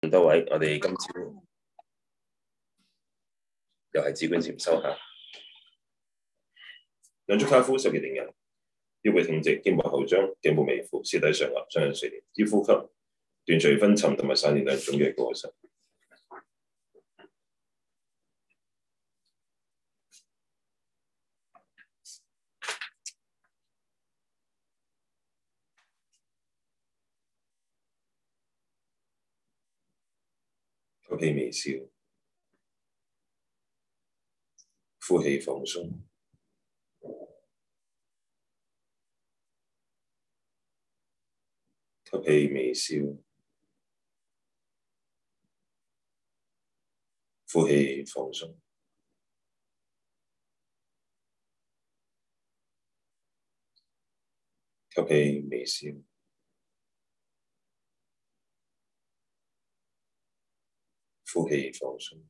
咁多位，我哋今朝又係止觀禪修下。兩足跏趺，手結定印，腰背挺直，肩部後張，頸部微俯，舌抵上顎，雙眼垂簾，依呼吸斷除昏沉，同埋散亂兩種嘅過失。吸氣微笑，呼氣放鬆。吸氣微笑，呼氣放鬆。吸氣微笑。呼氣，放鬆，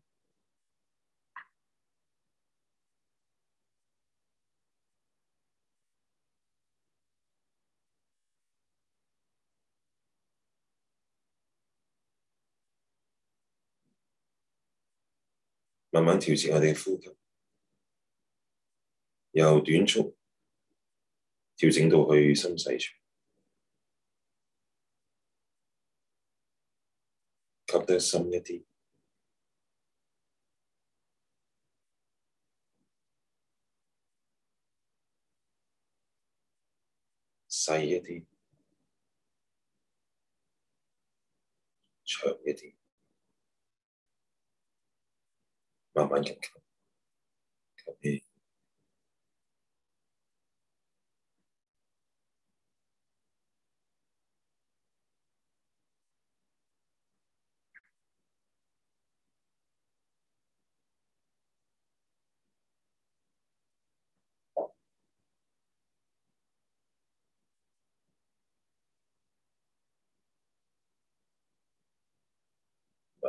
慢慢調節我哋嘅呼吸，由短促調整到去深細長，吸得深啲。細一啲，長一啲，慢慢長長。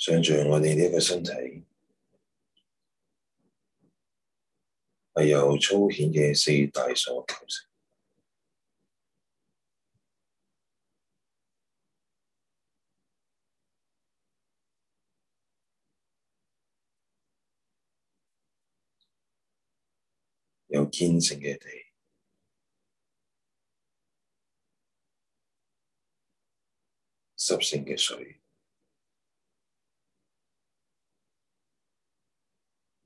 想像我哋呢一個身體，係由粗顯嘅四大所構成，有堅性嘅地，濕性嘅水。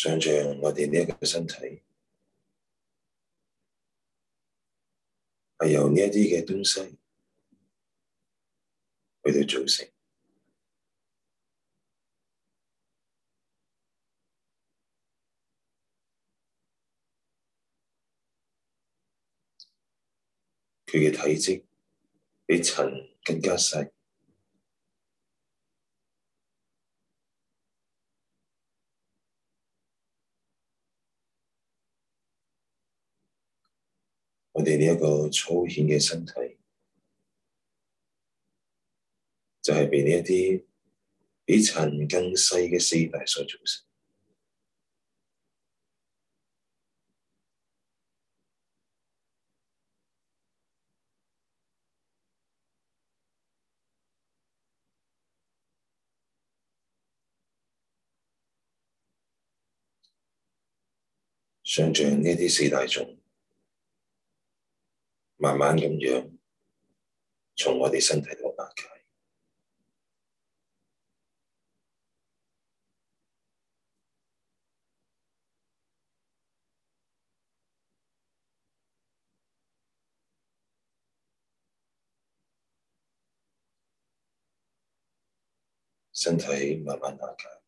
想象我哋呢一個身體係由呢一啲嘅東西去到組成，佢嘅體積比塵更加細。我哋呢一個粗顯嘅身體，就係、是、被呢一啲比塵更細嘅四大所組成，想像呢啲四大種。慢慢咁樣，從我哋身體度打解，身體慢慢打解。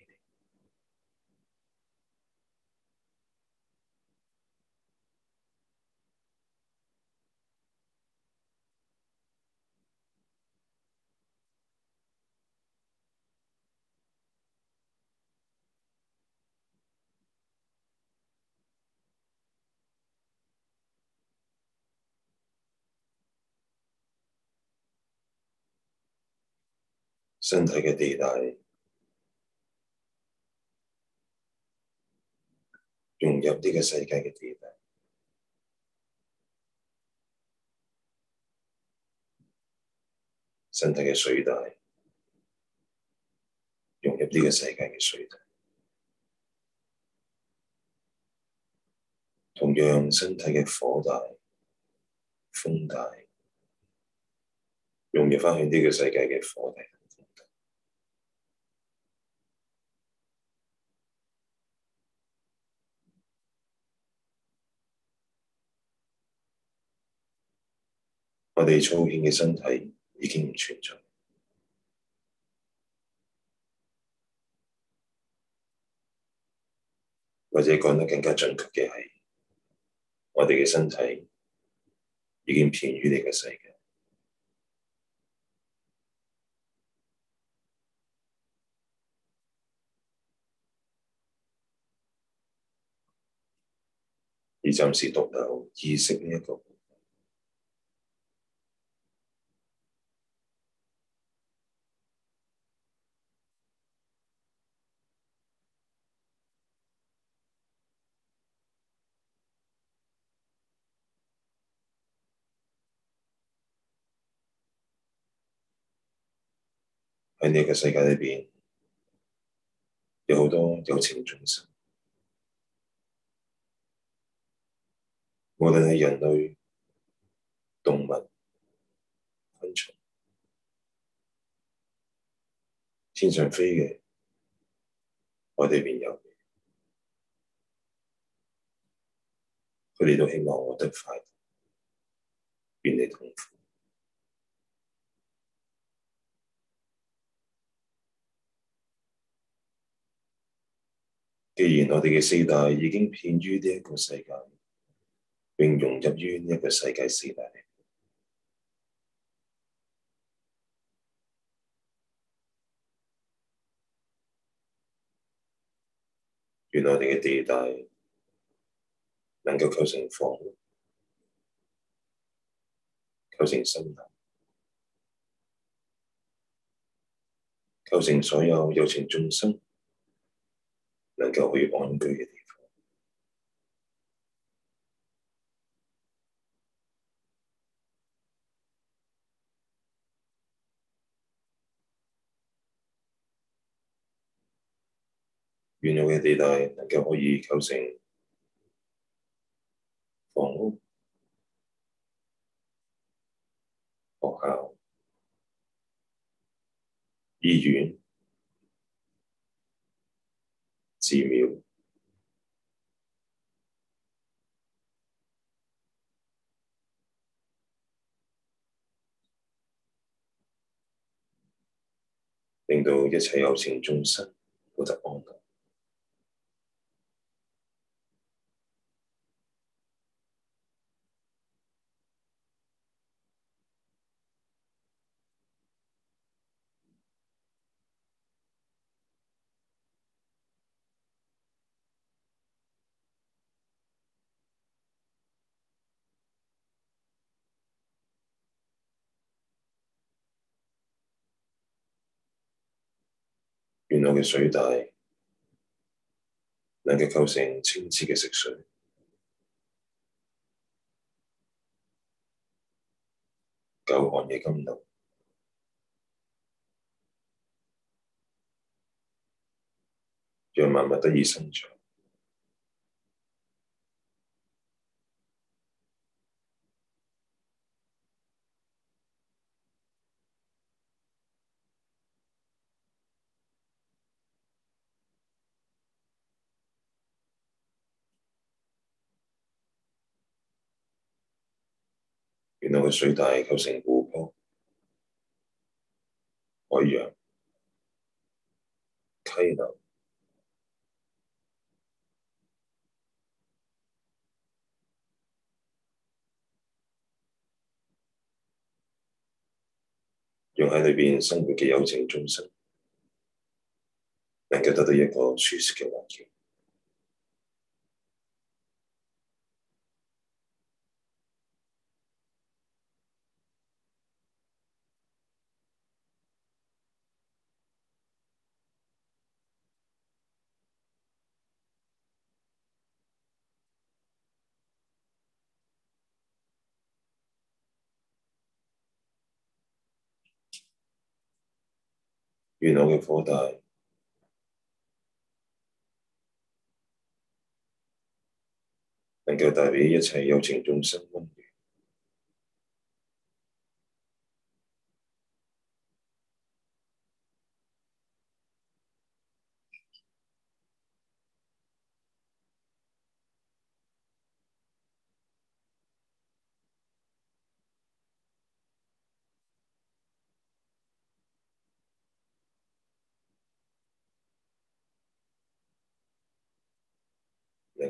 身體嘅地大融入呢個世界嘅地大，身體嘅水大融入呢個世界嘅水大，同樣身體嘅火大、風大融入返去呢個世界嘅火大。我哋粗顯嘅身體已經唔存在，或者講得更加準確嘅係，我哋嘅身體已經偏於你嘅世界，而暫時獨有意識呢一個。喺呢個世界裏邊，有好多有情眾生。無論係人類、動物、昆蟲、天上飛嘅，我哋邊有嘅，佢哋都希望我得快樂，遠離痛苦。既然我哋嘅四大已經遍於呢一個世界，並融入於呢一個世界四大，原來我哋嘅地大能夠構成房屋，構成森林，構成所有有情眾生。能夠可以安居嘅地方，原來嘅地帶，能夠可以構成房屋、學校、醫院。使命，令到一切有情眾生獲得安樂。我嘅水大，能夠構成清澈嘅食水，久旱嘅甘露，讓萬物得以生長。個水大構成湖泊、海洋、溪流，用喺裏邊生活嘅有情眾生能夠得到一個舒適嘅環境。願我嘅火大，能夠帶俾一切有情眾生溫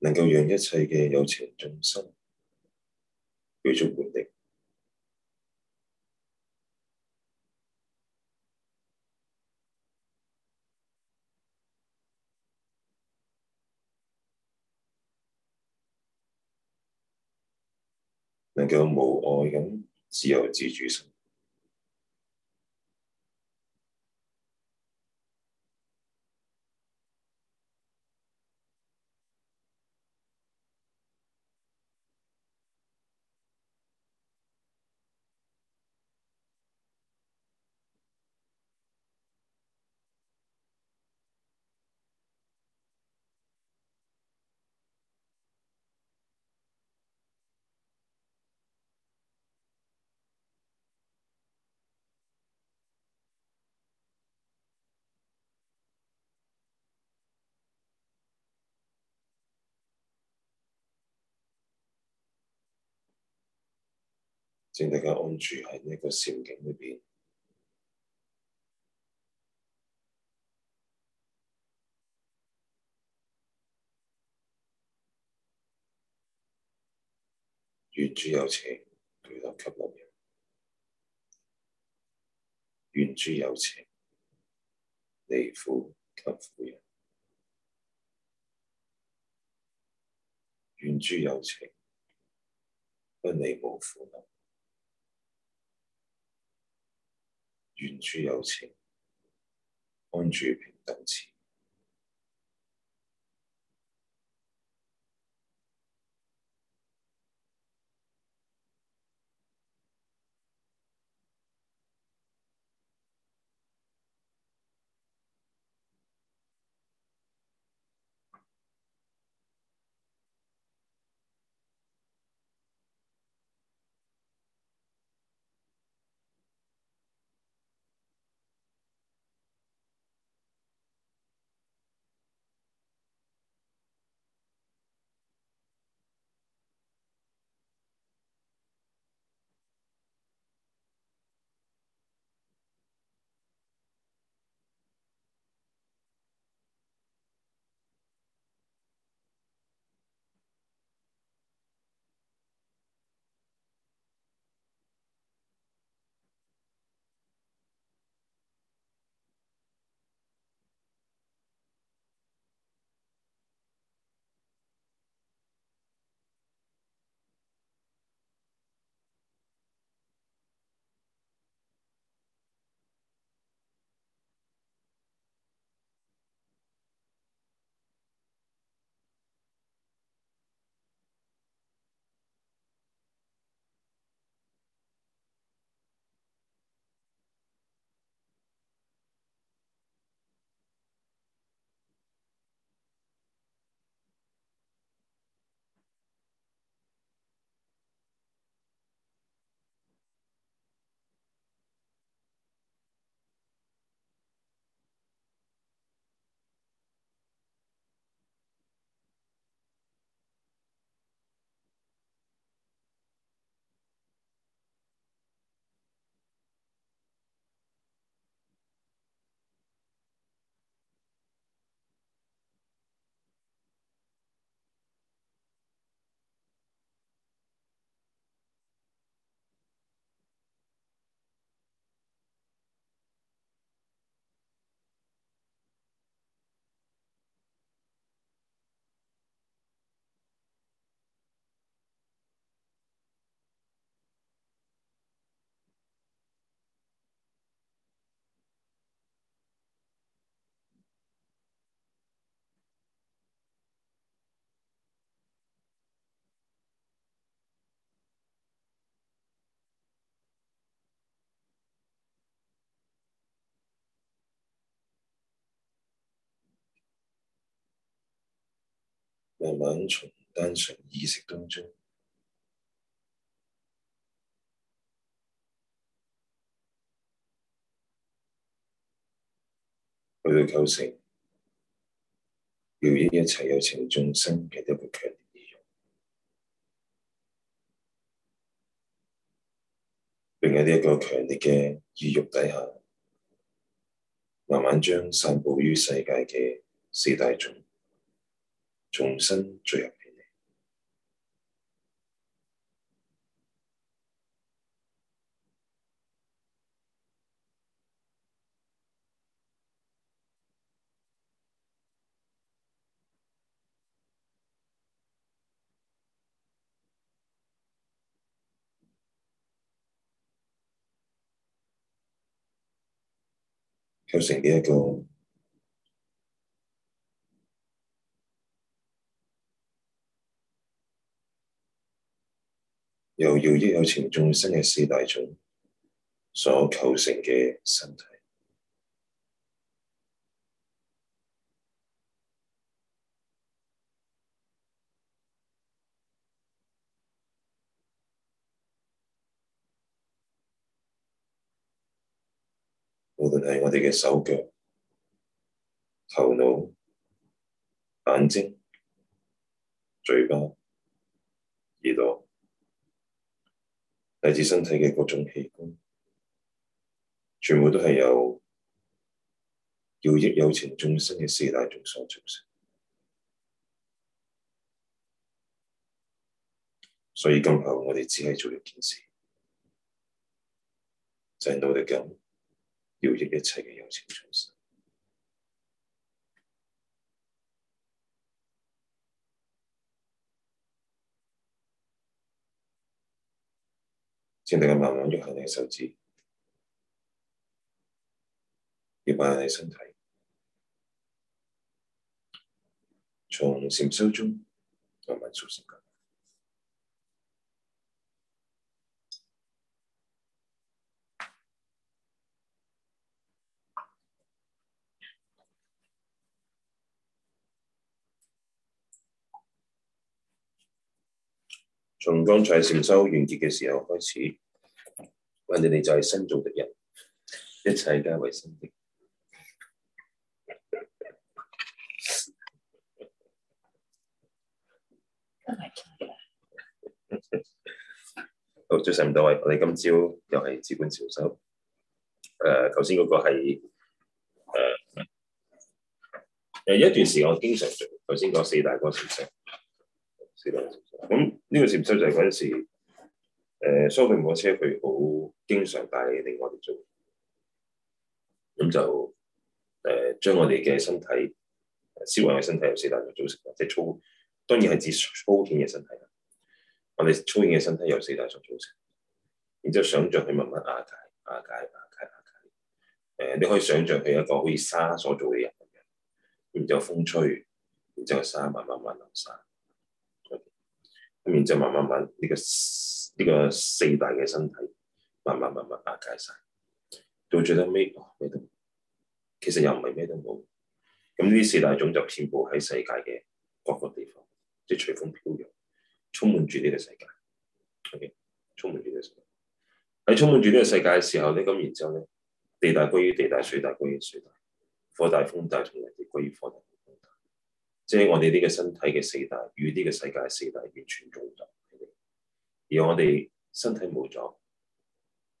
能夠讓一切嘅有情眾生具足活力，能夠無礙咁自由自主生活。請大家安住喺呢個善境裏邊，願諸有情，對得及樂因；願諸有情，離苦及苦因；願諸有情，不你冇苦難。願諸有情，安住平等捨。慢慢從單純意識當中去構成，饒益一切有情眾生嘅一個強烈意欲，並喺呢一個強烈嘅意欲底下，慢慢將散佈於世界嘅四大眾。重新聚入嚟，構成嘅、這、一個。又要益有情眾生嘅四大種所構成嘅身體， 無論係我哋嘅手腳、頭腦、眼睛、嘴巴、耳朵。來自身體嘅各種器官，全部都係由要益有情眾生嘅四大眾所組成。所以今後我哋只係做一件事，就係、是、努力咁要益一切嘅有情眾生。先等佢慢慢喐下你嘅手指，喐下你身體。從禪修中，慢慢做起。從剛才禪修完結嘅時候開始，我你哋就係新造的人，一切皆為新的。 好，早晨各位，我哋今朝又係止觀禪修。誒、呃，頭先嗰個係誒、呃，有一段時間我經常做，頭先講四大歌詞聲。四大咁呢、這個攝濕就係嗰陣時，誒、呃，蘇格馬車佢好經常帶嚟俾我哋做，咁就誒將、呃、我哋嘅身體，思維嘅身體由四大嚟組成，即係粗，當然係指粗顯嘅身體啦。我哋粗顯嘅身體由四大嚟組成，然之後想像佢慢慢壓、啊、解、壓、啊、解、壓、啊、解、壓、啊、解，誒、呃，你可以想像佢一個好似沙所做嘅人咁樣，然之後風吹，然之後沙慢慢慢慢流沙。然之後就慢慢慢呢、這個呢、這個四大嘅身體慢慢慢慢壓解晒，到最後尾哦，咩都其實又唔係咩都冇。咁呢四大種就遍布喺世界嘅各個地方，即係隨風飄揚，充滿住呢個世界。o、okay? 充滿住呢個世界。喺充滿住呢個世界嘅時候咧，咁然之後咧，地大歸於地大，水大歸於水大，火大風大，總係歸於火大。即係我哋呢個身體嘅四大與呢個世界四大完全共融，而我哋身體冇咗，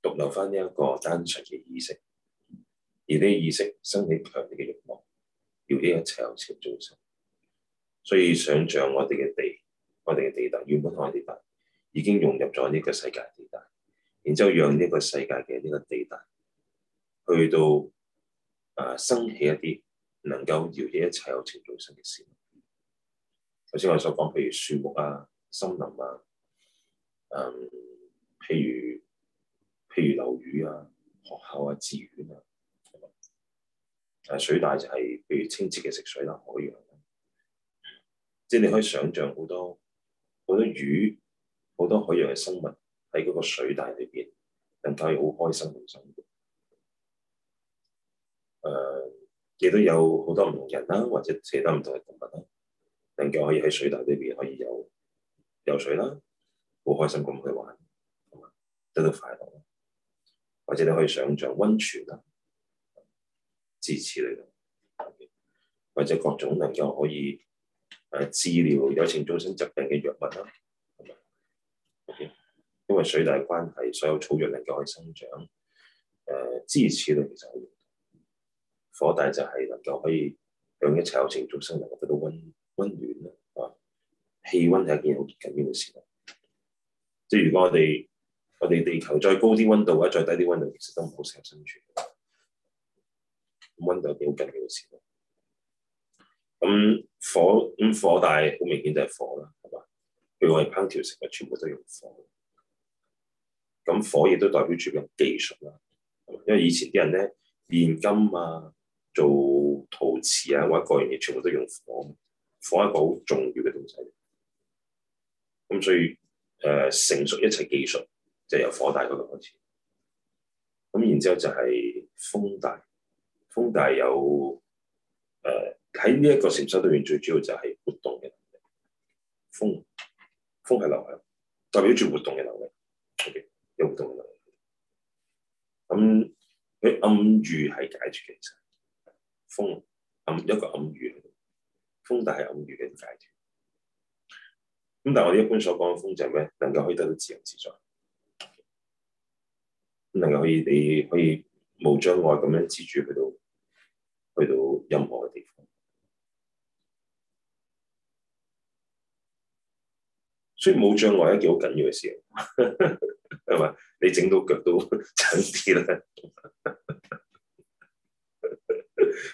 獨留返呢一個單純嘅意識，而呢意識生起強烈嘅欲望，要呢一切有情眾生，所以想象我哋嘅地，我哋嘅地大原本我哋嘅地大已經融入咗呢個世界地大，然之後讓呢個世界嘅呢個地大去到啊、呃、生起一啲能夠饒益一切有情眾生嘅事物。頭先我哋所講，譬如樹木啊、森林啊，誒、嗯，譬如譬如樓宇啊、學校啊、寺院啊，誒、嗯、水帶就係、是、譬如清澈嘅食水啦、海洋、啊、即係你可以想像好多好多魚、好多海洋嘅生物喺嗰個水帶裏邊，能夠好開心咁生活。誒、嗯，亦都有好多唔同人啦、啊，或者其他唔同嘅動物啦、啊。能夠可以喺水大呢邊可以有游水啦，好開心咁去玩，得到快樂，或者你可以想像温泉啦，支持你或者各種能夠可以誒、啊、治療有情眾生疾病嘅藥物啦。因為水大關係，所有草藥能夠可以生長。誒、呃，支持你其實可以火大就係能夠可以讓一切有情眾生能夠得到温。温暖啦，啊，氣温係一件好緊要嘅事，即係如果我哋我哋地球再高啲温度或者再低啲温度，其實都唔好適合生存。咁温度係一件好緊要嘅事，咁、嗯、火咁、嗯、火，但好明顯就係火啦，係嘛？譬如我哋烹調食物，全部都用火。咁火亦都代表住個技術啦，因為以前啲人咧煉金啊、做陶瓷啊或者各樣嘢，全部都用火。火係一個好重要嘅東西，咁所以誒、呃、成熟一切技術就係、由火大嗰度開始，咁然之後就係風大，風大有誒喺呢一個禪修裏面，最主要就係活動嘅風，風係流力，代表住活動嘅能力，O.K.，有活動嘅能力，咁佢暗喻係解決其實風暗一個暗喻。風大係偶遇嘅階段，咁但係我哋一般所講嘅風就係咩？能夠可以得到自由自在，能夠可以你可以冇障礙咁樣自主去到去到任何嘅地方，雖然冇障礙係一件好緊要嘅事，係 嘛？你整到腳都長啲啦，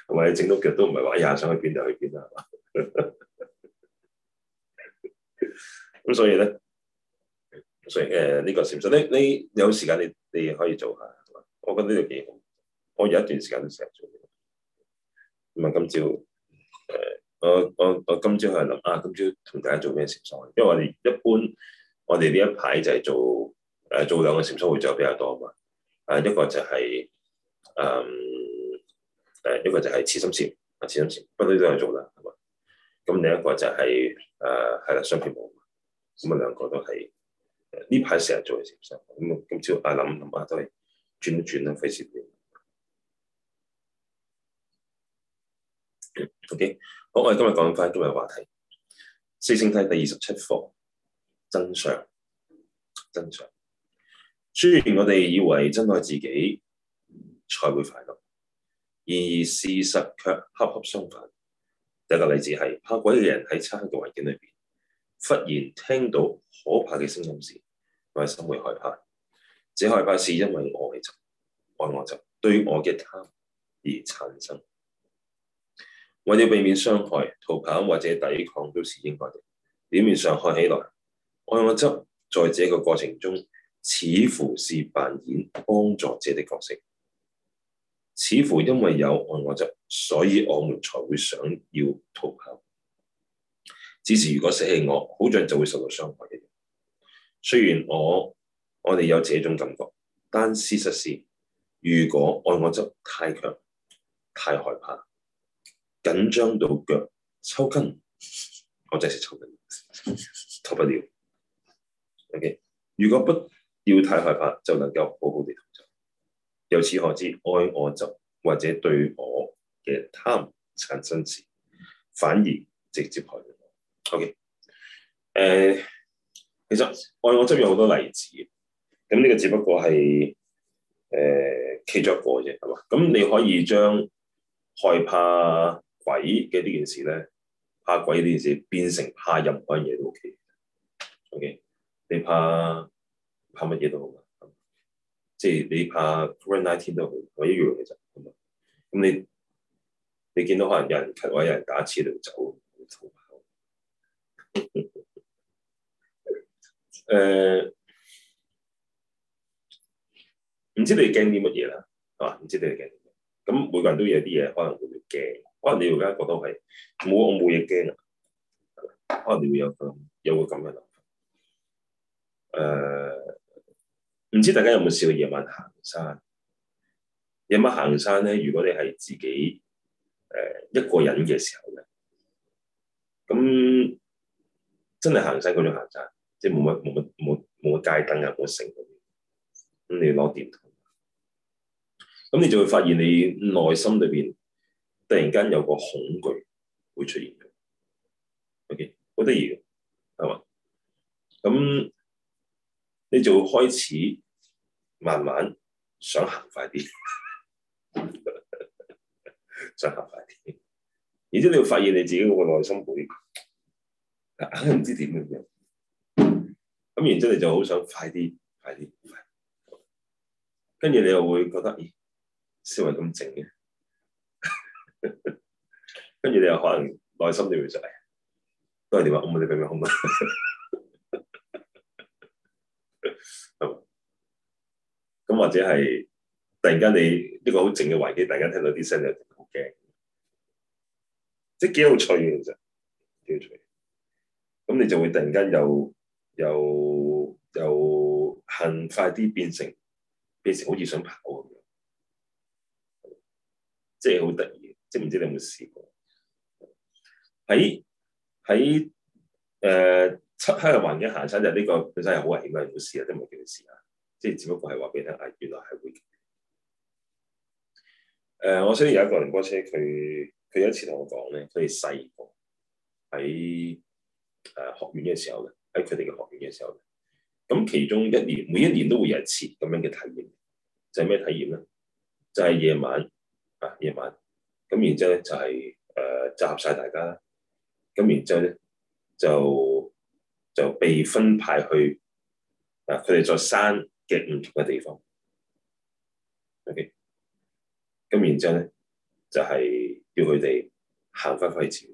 同埋 你整到腳都唔係話呀想去邊就去邊啦，係嘛？咁 所以咧，所以誒呢、呃這個禪修，你你，你有時間你你可以做下，我覺得呢啲幾好，我有一段時間都成日做咁、呃、啊，今朝誒，我我我今朝係諗啊，今朝同大家做咩禪修？因為我哋一般，我哋呢一排就係做誒、呃、做兩個禪修會就比較多啊嘛。誒、呃，一個就係誒誒，一個就係慈心禪啊，慈心禪，不嬲都有做啦，係嘛。咁另一個就係誒係啦，商票冇咁啊，兩個都係呢排成日做嘅事情。咁啊，今朝啊諗諗下都係轉一轉啦，費事啲。O.K. 好，我哋今日講翻今日話題，四聖諦第二十七課，真相，真相。雖然我哋以為珍愛自己才會快樂，然而事實卻恰恰相反。第一個例子係怕鬼嘅人喺漆黑嘅環境裏邊，忽然聽到可怕嘅聲音時，內心會害怕。這害怕是因為愛執、愛我執對我嘅貪而產生。為了避免傷害、逃跑或者抵抗都是應該嘅。表面上看起來，愛我執在這個過程中似乎是扮演幫助者的角色。似乎因為有愛我執，所以我們才會想要逃跑。只是如果捨棄我，好像就會受到傷害一樣。雖然我我哋有這種感覺，但事實是，如果愛我執太強，太害怕，緊張到腳抽筋，我真係抽筋，逃不了。O.K. 如果不要太害怕，就能夠好好地。由此可知，愛我執或者對我嘅貪產生時，反而直接害我。O K，誒，其實愛我執有好多例子嘅，咁呢個只不過係誒、呃、其中一個啫，係嘛？咁你可以將害怕鬼嘅呢件事咧，怕鬼呢件事變成怕任何嘢都 O K。O、okay. K，你怕怕乜嘢都好即係你怕 Corona Nineteen 都好，我一樣嘅咋。咁啊。咁你你見到可能有人騎或有人打車嚟走，逃跑，誒唔知你驚啲乜嘢啦，係、啊、嘛？唔知你哋驚。咁每個人都有啲嘢可能會驚，可能你會而家覺得係冇，我冇嘢驚啊。可能你會有個有個咁嘅諗法，誒、啊。唔知大家有冇試過夜晚行山？夜晚行山咧，如果你係自己誒、呃、一個人嘅時候咧，咁真係行山嗰種行山，即係冇乜冇乜冇冇乜街燈嘅，冇城嗰啲，咁你要攞電筒，咁你就會發現你內心裏邊突然間有個恐懼會出現嘅。OK，好得意嘅，係嘛？咁你就會開始。慢慢想行快啲，想行快啲，然之後你會發現你自己個內心會唔、啊、知點嘅樣，咁、啊、然之後你就好想快啲，快啲，跟住你又會覺得咦，先係咁靜嘅，跟住 你又可能內心你會就係對你話：，我冇你咁樣，嗯嗯嗯嗯嗯嗯嗯、 好冇得。或者係突然間你呢個好靜嘅環境，突然間聽到啲聲就好驚，即係幾有趣嘅，其實幾有趣。咁你就會突然間又又又行快啲變成變成好似想跑咁樣，即係好得意。知唔知你有冇試過？喺喺誒漆黑嘅環境行山，就呢個本身係好危險嘅，如果試啊，都唔係叫你試啊。即係只不過係話俾你聽，原來係會誒。我、呃、想有一個輪轂車，佢佢有一次同我講咧，佢哋細個喺誒學院嘅時候咧，喺佢哋嘅學院嘅時候咧，咁其中一年每一年都會有一次咁樣嘅體驗，就係、是、咩體驗咧？就係、是、夜晚啊，夜晚咁，然之後咧就係、是、誒、呃、集合晒大家，咁然之後咧就就被分派去啊，佢哋再生。嘅唔同嘅地方，OK，咁然之後咧就係要佢哋行翻返去前，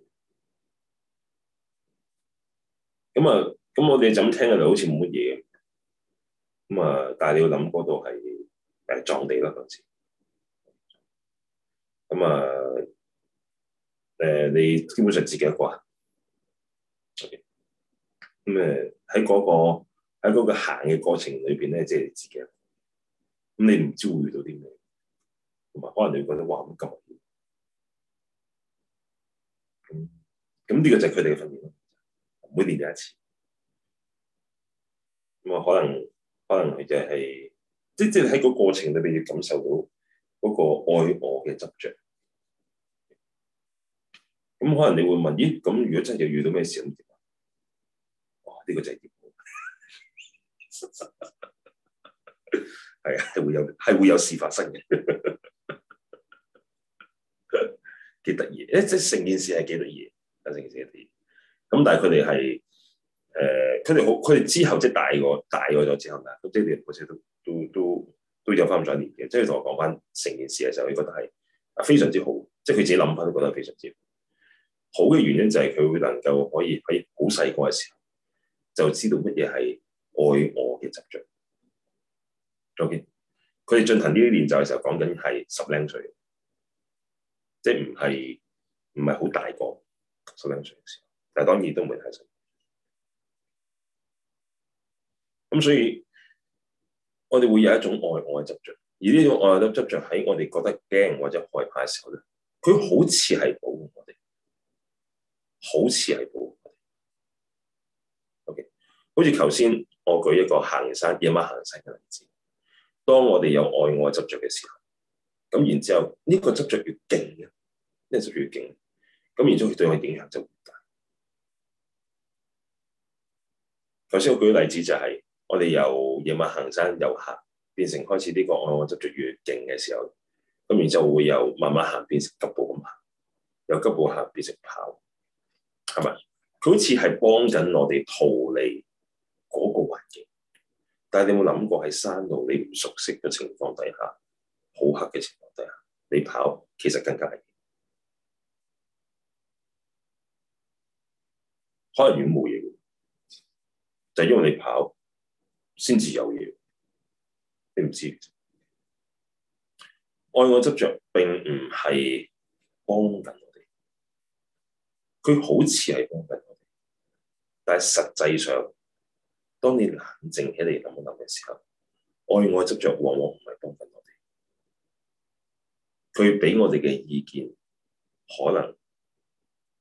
咁、嗯、啊，咁、嗯嗯、我哋就咁聽起嚟，好似冇乜嘢咁啊，但係你要諗嗰度係誒撞地啦，嗰次，咁啊誒，你基本上自己一個啊、okay。嗯那個啊，咁誒喺嗰個。喺嗰個行嘅過程裏邊咧，即係自己咁，你唔知會遇到啲咩，同埋可能你會覺得哇，咁惡咁，咁呢個就係佢哋嘅訓練咯。每年有一次，咁、嗯、啊，可能可能佢就係即即喺個過程裏邊要感受到嗰個愛我嘅執着。咁、嗯嗯、可能你會問：咦？咁如果真係遇到咩事咁點啊？哇！呢、呢個就係、是係啊，係 會有係會有事發生嘅，幾得意誒！即係成件事係幾得意，成件事幾得意。咁但係佢哋係誒，佢哋好，佢哋之後即係大個大個咗之後啦，即係佢哋好似都都都都，都有翻咁多年嘅。即係同我講翻成件事嘅時候，佢覺得係非常之好。即係佢自己諗翻都覺得非常之好。好嘅原因就係佢會能夠可以喺好細個嘅時候就知道乜嘢係。愛我嘅執着，OK，佢哋進行呢啲練習嘅時候，講緊係十零歲，即係唔係唔係好大個十零歲嘅時候，但係當然都唔會太細。咁所以，我哋會有一種愛我嘅執着，而呢種愛我嘅執着喺我哋覺得驚或者害怕嘅時候咧，佢好似係保護我哋，好似係保護我哋，OK，好似頭先。我舉一個行山夜晚行山嘅例子，當我哋有愛我執着嘅時候，咁然之後呢個執着越勁咧，呢個執着越勁。咁然之後對我影響就越大。頭先、嗯、我舉例子就係我哋由夜晚行山遊客變成開始呢個愛我執着越勁嘅時候，咁然後就會由慢慢行變成急步咁行，由急步行變成跑，係咪？佢好似係幫緊我哋逃離。嗰個環境，但係你有冇諗過喺山路，你唔熟悉嘅情況底下，好黑嘅情況底下，你跑其實更加危險。可能原本冇嘢嘅，就係因為你跑先至有嘢。你唔知愛執我執着並唔係幫緊我哋，佢好似係幫緊我哋，但係實際上。當你冷靜起嚟諗一諗嘅時候，愛我執着往往唔係幫緊我哋，佢俾我哋嘅意見可能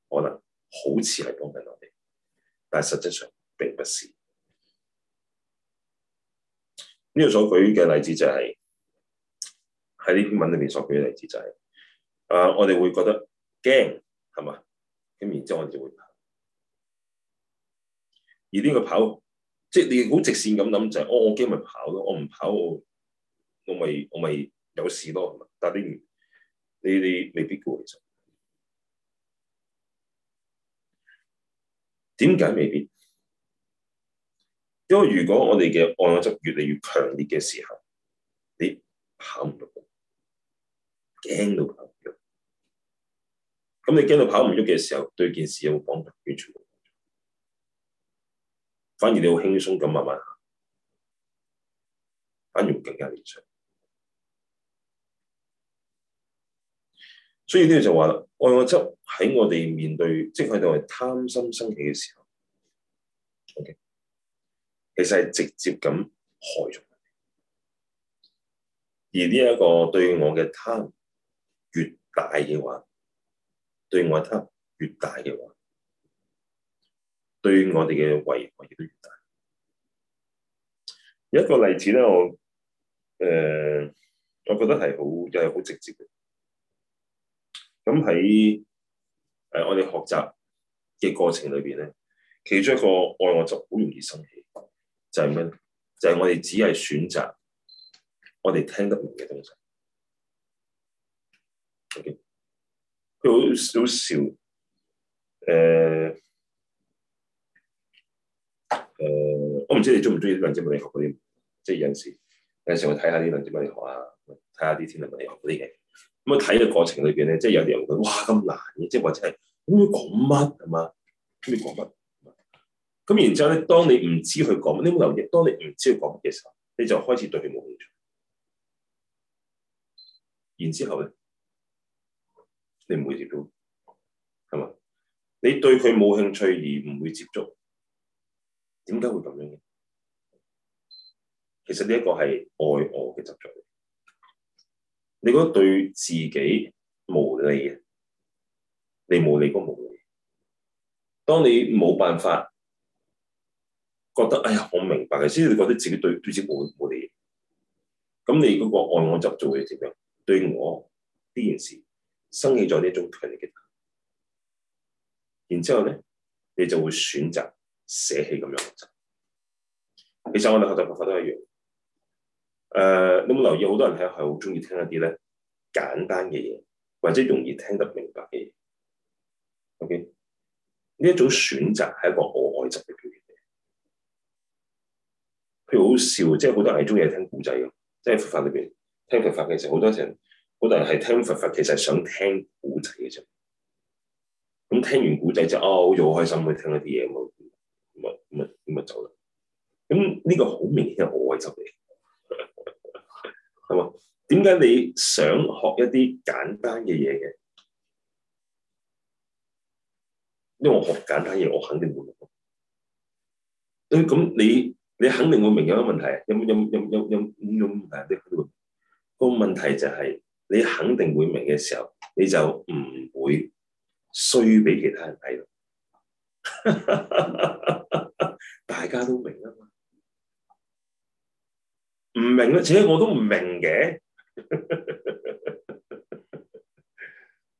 可能好似係幫緊我哋，但係實際上並不是。呢度所舉嘅例子就係喺呢篇文裏面所舉嘅例子就係，誒我哋會覺得驚係嘛？咁然之後我哋就會跑，而呢個跑。即係你好直線咁諗就係、是，哦，我驚咪跑咯，我唔跑我我咪我咪有事咯。但係你你，你未必嘅，其實點解未必？因為如果我哋嘅愛我執越嚟越強烈嘅時候，你跑唔到，驚到跑唔喐。咁你驚到跑唔喐嘅時候，對件事有冇幫助？完全冇。反而你好輕鬆咁慢慢行，反而會更加理想。所以呢度就話啦，愛我執喺我哋面對，即係對我哋貪心生起嘅時候，OK，其實係直接咁害咗你。而呢一個對我嘅貪越大嘅話，對我嘅貪越大嘅話。對我哋嘅危害亦都越大。有一個例子咧，我誒、呃，我覺得係好，就係好直接嘅。咁喺誒，我哋學習嘅過程裏邊咧，其中一個愛我就好容易生氣，就係、是、咩就係、是、我哋只係選擇我哋聽得明嘅東西。佢、okay? 好少誒。呃誒、嗯，我唔知你中唔中意啲量子物理學嗰啲，即係有陣時有陣時我睇下啲量子物理學啊，睇下啲天文物理學嗰啲嘢。咁啊，睇嘅過程裏邊咧，即係有啲人會哇咁難嘅，即係或者係，咁佢講乜係嘛？咁你講乜？咁然之後咧，當你唔知佢講乜，你冇留意；當你唔知佢講乜嘅時候，你就開始對佢冇興趣。然之後咧，你唔會接觸係嘛？你對佢冇興趣而唔會接觸。點解會咁樣嘅？其實呢一個係愛我嘅執著。你覺得對自己無利嘅，你冇利，嗰無利。當你冇辦法覺得，哎呀，我明白嘅，先至你覺得自己對對自己冇，冇無利。咁你嗰個愛我執著嘅點樣？對我呢件事生起咗呢種強烈嘅，然之後咧，你就會選擇。捨棄咁樣就，其實我哋學習佛法都係一樣。誒、呃，你冇留意？好多人咧係好中意聽一啲咧簡單嘅嘢，或者容易聽得明白嘅嘢。OK，呢一種選擇係一個我愛執嘅表現嚟。好笑，即係好多人係中意聽古仔嘅，即係佛法裏邊聽佛法嘅時候，好多時人好多人係聽佛法，其實想聽古仔嘅啫。咁聽完古仔就啊，哦、我好似好開心去聽一啲嘢咁。咁啊咁啊走啦！咁呢個好明顯係愛我執嚟，係 嘛？點解你想學一啲簡單嘅嘢嘅？因為我學簡單嘢，我肯定會明白。咁咁你你肯定會明白有個問題，有冇有冇有冇有有，有，有問題啲？個問題就係、是、你肯定會明嘅時候，你就唔會衰俾其他人睇。 大家都明啊嘛，唔明啊，而且我都唔明嘅。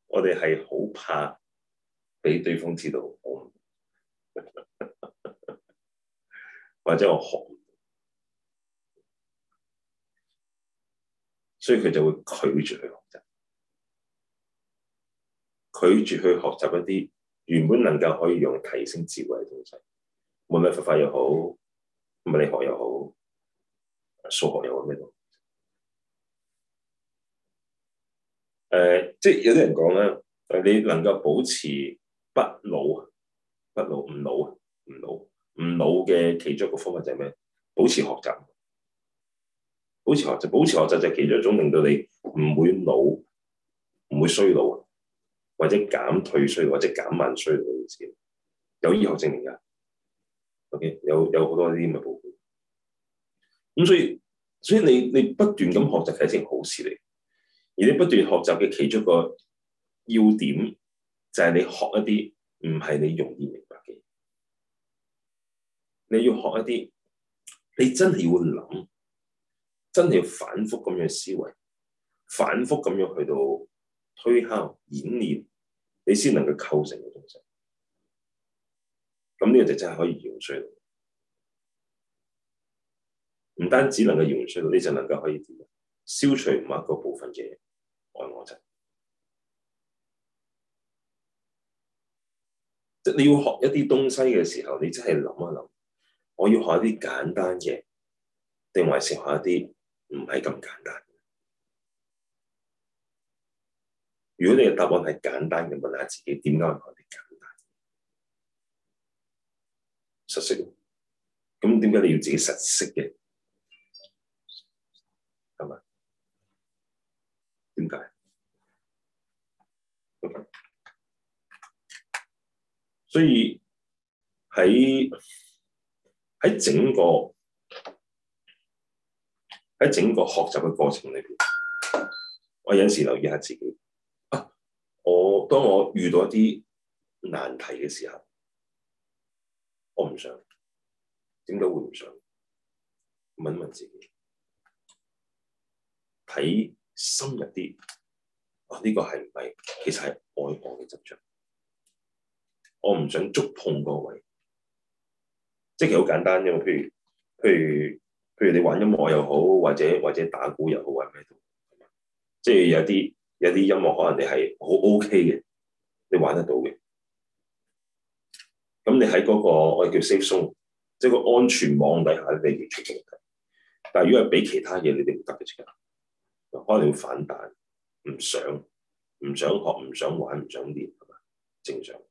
我哋係好怕俾對方知道，我唔明 或者我學，所以佢就會拒絕去學習，拒絕去學習一啲。原本能夠可以用提升智慧嘅東西，冇咩佛法又好，物理學又好，數學又好咩都，呃，即係有啲人講咧，你能夠保持不老，不老唔老，唔老唔老嘅其中一個方法就係咩？保持學習，保持學習，保持學習就係其中一種令到你唔會老，唔會衰老。或者減退稅，或者減慢稅，你知有醫學證明㗎。OK，有有好多呢啲咁嘅報告。咁所以所以你你不斷咁學習係一件好事嚟，而你不斷學習嘅其中一個要點就係、是、你學一啲唔係你容易明白嘅嘢。你要學一啲，你真係要諗，真係要反覆咁樣思維，反覆咁樣去到，推敲演練，你先能夠構成個東西。咁呢個就真係可以用出嚟。唔單止能夠用出嚟，你就能夠可以點？消除某一個部分嘅愛我執。即、就是、你要學一啲東西嘅時候，你真係諗一諗，我要學一啲簡單嘅，定還是學一啲唔係咁簡單？如果你嘅答案係簡單嘅，問下自己點解唔可以簡單？實踐，咁點解你要自己實踐嘅？係咪？點解？所以喺喺整個喺整個學習嘅過程裏邊，我有時留意下自己。我當我遇到啲難題嘅時候，我唔想，點解會唔想問問自己，睇深入啲啊？呢個係唔係其實係愛我嘅執著？我唔想觸碰嗰個位，即係好簡單啫嘛。譬如譬如譬如你玩音樂又好，或者或者打鼓又好，或者咩都，即係有啲。有啲音樂可能你係好 OK 嘅，你玩得到嘅。咁你喺嗰個我叫 safe zone 即係個安全網底下，你哋做嘅。但係如果係俾其他嘢，你哋唔得嘅時間，可能要反彈。唔想，唔想學，唔想玩，唔想練，係嘛？正常，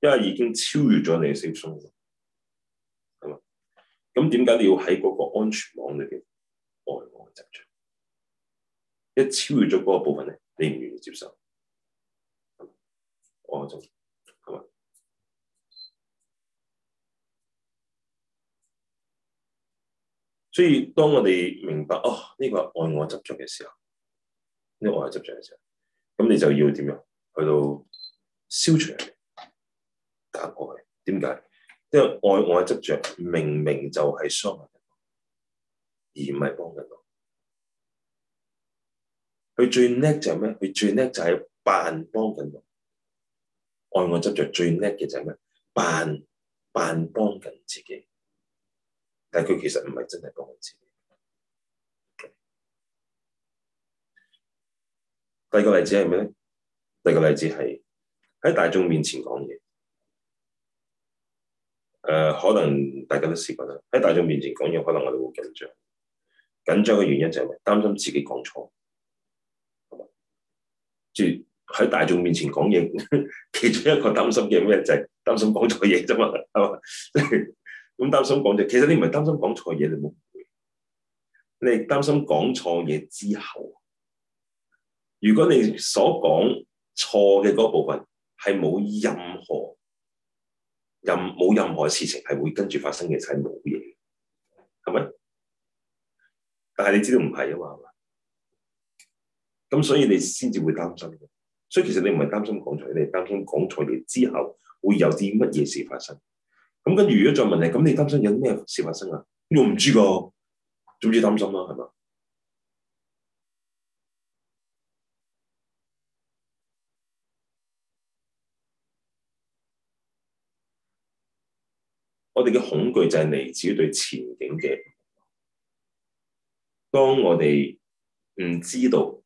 因為已經超越咗你嘅 safe zone 係嘛？咁點解你要喺嗰個安全網裏邊愛我嘅執著？愛愛一超越咗嗰個部分咧，你唔願意接受。嗯、我講咗，啊、嗯。所以當我哋明白哦，呢、這個係愛我執着嘅時候，呢、這個愛執着嘅時候，咁你就要點樣去到消除打去，點解？因為愛我執着明明就係傷人，而唔係幫緊我。佢最叻就係咩？佢最叻就係扮幫緊我。愛我執着最叻嘅就係咩？扮扮幫緊自己，但係佢其實唔係真係幫緊自己。第二個例子係咩咧？第二個例子係喺大眾面前講嘢。誒、呃，可能大家都試過啦，喺大眾面前講嘢，可能我哋會緊張。緊張嘅原因就係咩？擔心自己講錯。住喺大眾面前講嘢， 其中一個擔心嘅咩就係擔心講錯嘢啫嘛，係嘛？咁 擔心講嘢，其實你唔係擔心講錯嘢，你冇誤，你係擔心講錯嘢之後，如果你所講錯嘅嗰部分係冇任何任冇任何事情係會跟住發生嘅，就係冇嘢，係咪？但係你知道唔係啊嘛，係嘛？咁所以你先至會擔心嘅，所以其實你唔係擔心講錯，你係擔心講錯嘢之後會有啲乜嘢事發生。咁跟住如果再問你，咁你擔心有啲咩事發生啊？ 我唔知個，總之擔心啦，係嘛？我哋嘅恐懼就係嚟自於對前景嘅，當我哋唔知道。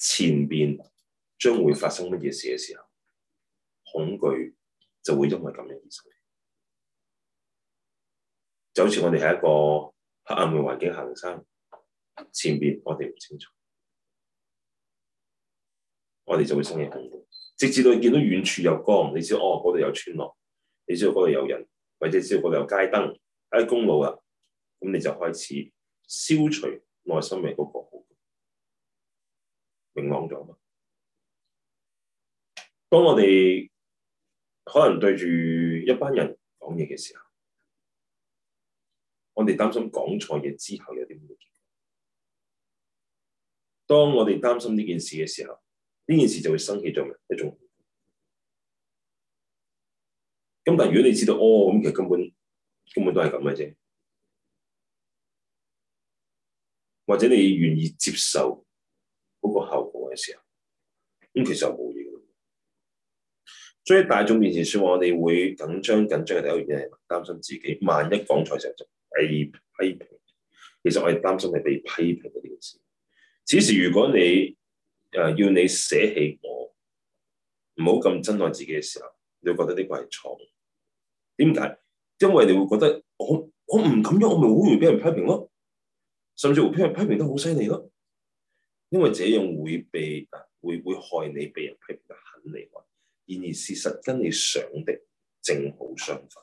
前邊將會發生乜嘢事嘅時候，恐懼就會因為咁樣而生。就好似我哋喺一個黑暗嘅環境行山，前邊我哋唔清楚，我哋就會生起恐懼，直至到見到遠處有光，你知道哦，嗰度有村落，你知道嗰度有人，或者知道嗰度有街燈，喺公路啦、啊，咁你就開始消除內心嘅嗰、嗰個。明朗咗嘛？當我哋可能對住一班人講嘢嘅時候，我哋擔心講錯嘢之後有啲咩結果。當我哋擔心呢件事嘅時候，呢件事就會生起咗一種。咁但係如果你知道，哦，咁其實根本根本都係咁嘅啫。或者你願意接受嗰個後嘅時候，咁其實冇嘢。所以大眾面前說話，我哋會緊張，緊張嘅第一個原因係擔心自己，萬一講錯成咗被批評。其實我係擔心係被批評嘅呢件事。此時如果你誒要你捨棄我，唔好咁珍愛自己嘅時候，你會覺得呢個係錯。點解？因為你會覺得我我唔咁樣，我咪好容易俾人批評咯，甚至乎俾人批評得好犀利咯。因為這樣會被啊會會害你被人批評得很厲害，然而事實跟你想的正好相反。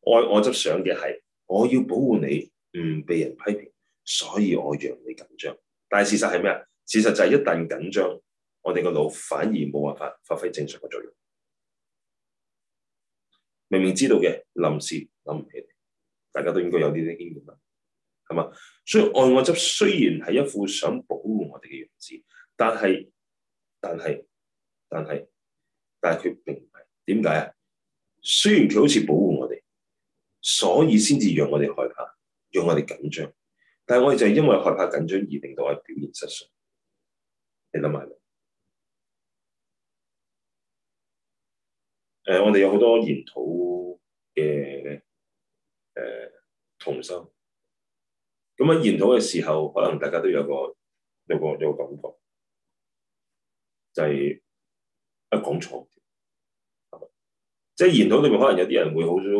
愛我執想嘅係我要保護你唔被人批評，所以我讓你緊張。但係事實係咩啊？事實就係一旦緊張，我哋個腦反而冇辦法發揮正常嘅作用。明明知道嘅，臨時諗唔起，大家都應該有呢啲經驗啦。係嘛？所以愛我執雖然係一副想保護我哋嘅樣子，但係但係但係但係佢並唔係點解啊？雖然佢好似保護我哋，所以先至讓我哋害怕，讓我哋緊張。但係我哋就係因為害怕緊張而令到我哋表現失常。你諗下啦。我哋有好多研討嘅誒同心。咁喺研討嘅時候，可能大家都有個有個有個感覺，就係一講錯，即係研討裏面可能有啲人會好少，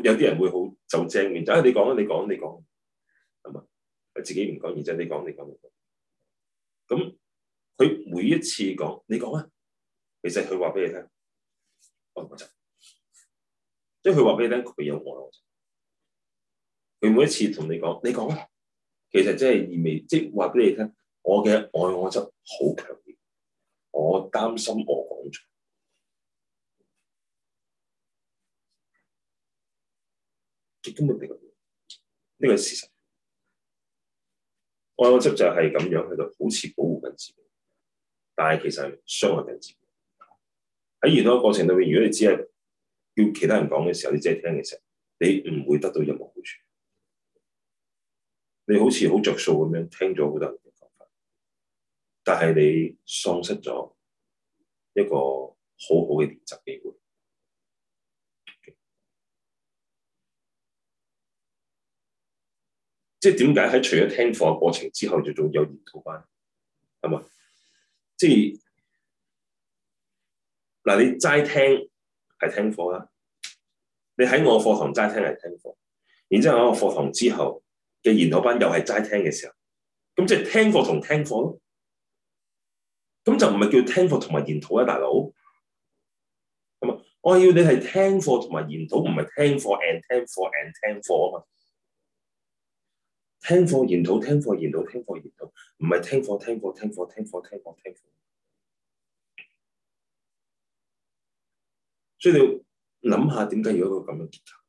有啲人會好走正面。就係你講啊，你講你講，係嘛？自己唔講，然後你講，你講，你講。咁佢每一次講，你講啊，其實佢話俾你聽，哦，唔得，即係佢話俾你聽，佢有我。我佢每一次同你講，你講啦。其實真係意味，即係話俾你聽，我嘅愛我執好強烈。我擔心我講錯，亦都冇比較。呢、這個係事實，愛我執就係咁樣喺度，好似保護緊自己，但係其實係傷害緊自己。喺互動嘅過程裏面，如果你只係叫其他人講嘅時候，你只係聽嘅時候，你唔會得到任何。你好似好着數咁樣聽咗好多人嘅講法，但係你喪失咗一個好好嘅練習機會。Okay. 即係點解喺除咗聽課嘅過程之後，就仲有研討班？係嘛？即係嗱，你齋聽係聽課啦。你喺我課堂齋聽係聽課，然之後喺我課堂之後，嘅研討班又係齋聽嘅時候，咁即係聽課同聽課咯，咁就唔係叫聽課同埋研討啊，大佬，係嘛？我要你係聽課同埋研討，唔係聽課 and 聽課 and 聽課啊嘛，聽課研討，聽課研討，聽課研討，唔係聽課聽課聽課聽課聽課，所以你要諗下點解要一個咁樣嘅結構？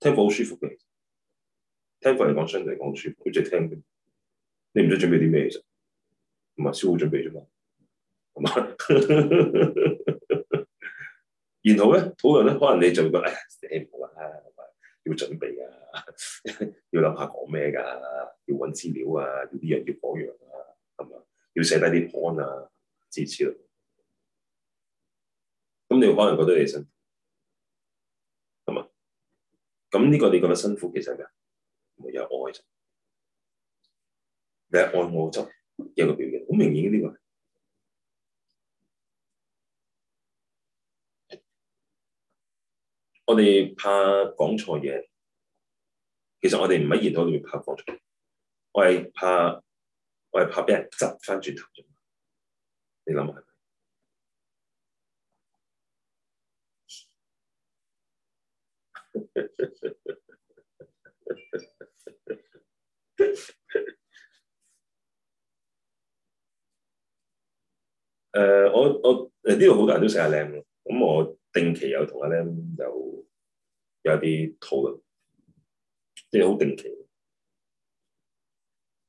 聽課好舒服嘅。聽份人講書定講書，佢淨係聽嘅。你唔知準備啲咩，其實同埋少好準備啫嘛，係嘛？ 然後咧討論咧，可能你就會覺得誒寫唔好啊，要準備啊， 要諗下講咩㗎，要揾資料啊，要啲樣要攞樣啊，係嘛？要寫低啲 point 啊，之類啦。咁你可能覺得你辛苦，係嘛？咁呢個你覺得辛苦其實係咩？有愛你係愛我執一個表現，好明顯呢個。我哋怕講錯嘢，其實我哋唔喺言堂裏面怕講錯，我係怕，我係怕俾人執翻轉頭。你諗下？ 誒、 uh，我我誒，呢度好多人都識阿 lem，咁我定期有同阿 lem 有有啲討論，即係好定期。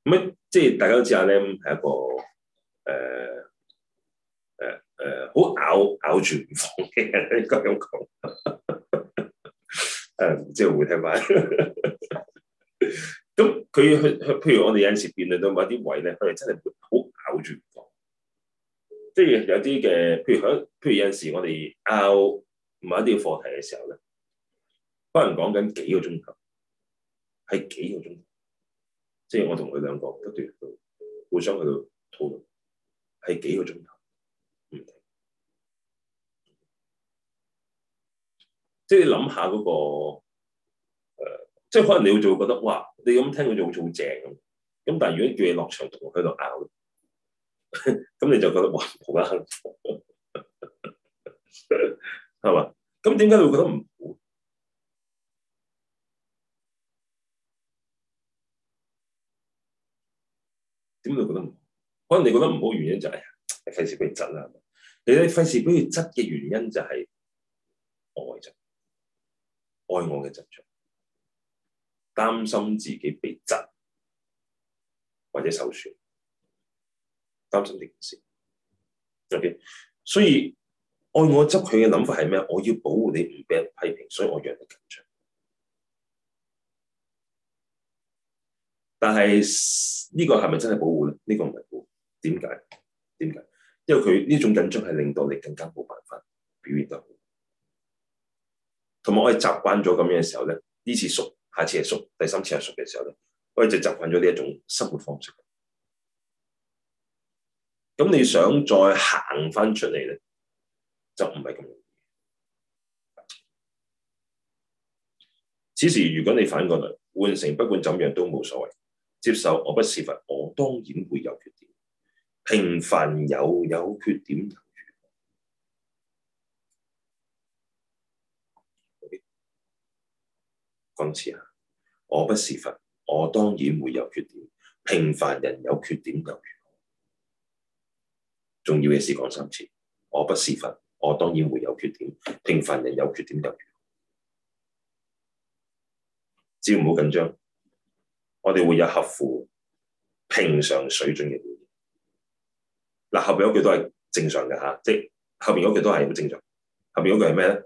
咁即係大家都知道阿 lem 係一個誒誒誒，好、呃呃呃、咬咬住唔放嘅人，咁 講，誒、 啊、即係唔會聽返。 咁佢去去，譬如我哋有陣時辯論到某啲位咧，佢哋真係好咬住唔放。即係有啲嘅，譬如響，譬如有陣時我哋拗某一啲嘅課題嘅時候咧，可能講緊幾個鐘頭，係幾個鐘頭。即係我同佢兩個不斷喺度互相喺度討論，係幾個鐘頭。即係你諗下嗰個。即係可能你會就會覺得哇，你咁聽佢就好似好正咁，咁但係如果叫你落場同佢喺度拗，咁 你就覺得哇，冇乜，係 嘛？咁點解你會覺得唔好？點會覺得唔好？可能你覺得唔好原因就係費事俾人窒啦。你費事俾人窒嘅原因就係愛執，愛我嘅執擔心自己被責或者手損，擔心呢件事，O K。Okay. 所以愛我執佢嘅諗法係咩？我要保護你唔俾人批評，所以我讓你緊張。但係呢個係咪真係保護咧？呢個唔係保護，點解？點解？因為佢呢種緊張係令到你更加冇辦法表現得好，同埋我哋習慣咗咁樣嘅時候咧，呢次熟。下次係熟，第三次係熟嘅時候咧，我哋就習慣咗呢一種生活方式。咁你想再行翻出嚟咧，就唔係咁容易。此時如果你反過來，換成不管怎樣都冇所謂，接受我不是佛，我當然會有缺點，平凡有有缺點。講次啊！我不是佛，我當然會有缺點。平凡人有缺點又如何？重要嘅事講三次。我不是佛，我當然會有缺點。平凡人有缺點又如何？只要唔好緊張，我哋會有合乎平常水準嘅表現。嗱，後邊嗰句都係正常嘅吓，即係後邊嗰句都係好正常。後邊嗰句係咩咧？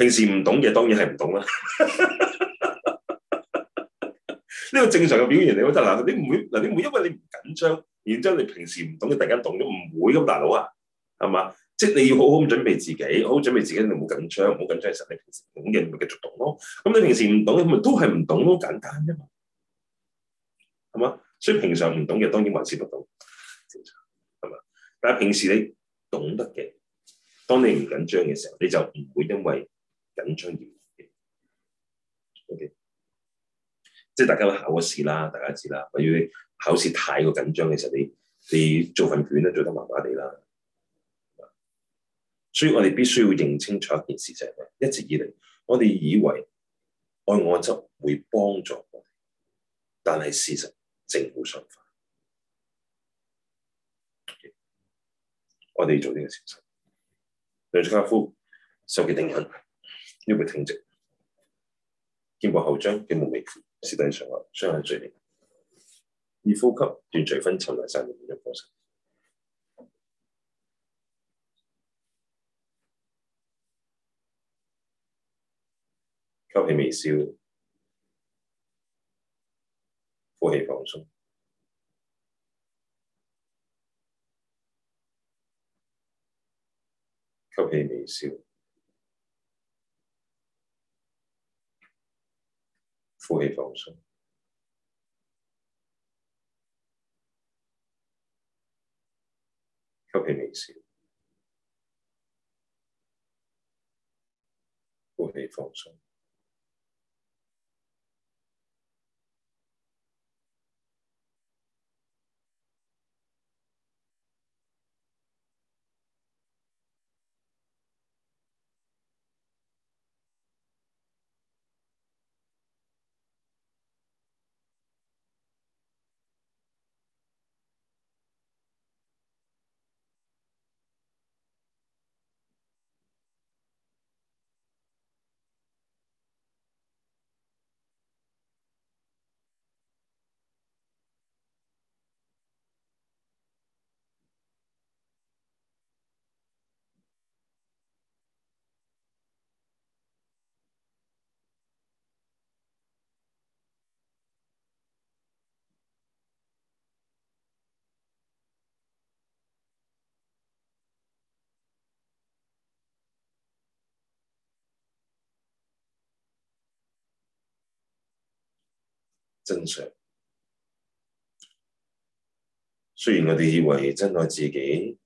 平時唔懂嘅當然係唔懂啦，呢 個正常嘅表現嚟㗎：「嗱，你唔會，嗱，你唔會，因為你唔緊張，然之後你平時唔懂，你突然間懂咗，唔會咁，大佬啊，係嘛？即係、就是、你要好好咁準備自己，好好準備自己，好自己你冇緊張，冇緊張其實你平時懂嘅咪繼續懂咯。咁你平時唔懂，咁咪都係唔懂咯，簡單啫嘛，係嘛？所以平常唔懂嘅當然還是不懂，正常，係嘛？但係平時你懂得嘅，當你唔緊張嘅時候，你就唔會因為緊張而，O.K.，即係大家都考個試啦，大家知啦。關於考試太過緊張嘅時候，你你做份卷都做得麻麻地啦。Okay? 所以我哋必須要認清清楚一件事就係咩？一直以嚟，我哋以為愛我就會幫助我哋，但係事實正好相反。Okay? 我哋做呢個事實。梁克沙夫，收結定音。腰背挺直，肩部後張，頸部微負，舌底上牙，雙眼聚力，以呼吸斷續分，沉埋曬你嘅呼吸，吸氣微笑，呼氣放鬆，吸氣微笑。呼氣放鬆，吸氣微笑，呼氣放鬆。真相。雖然我哋以為珍愛自己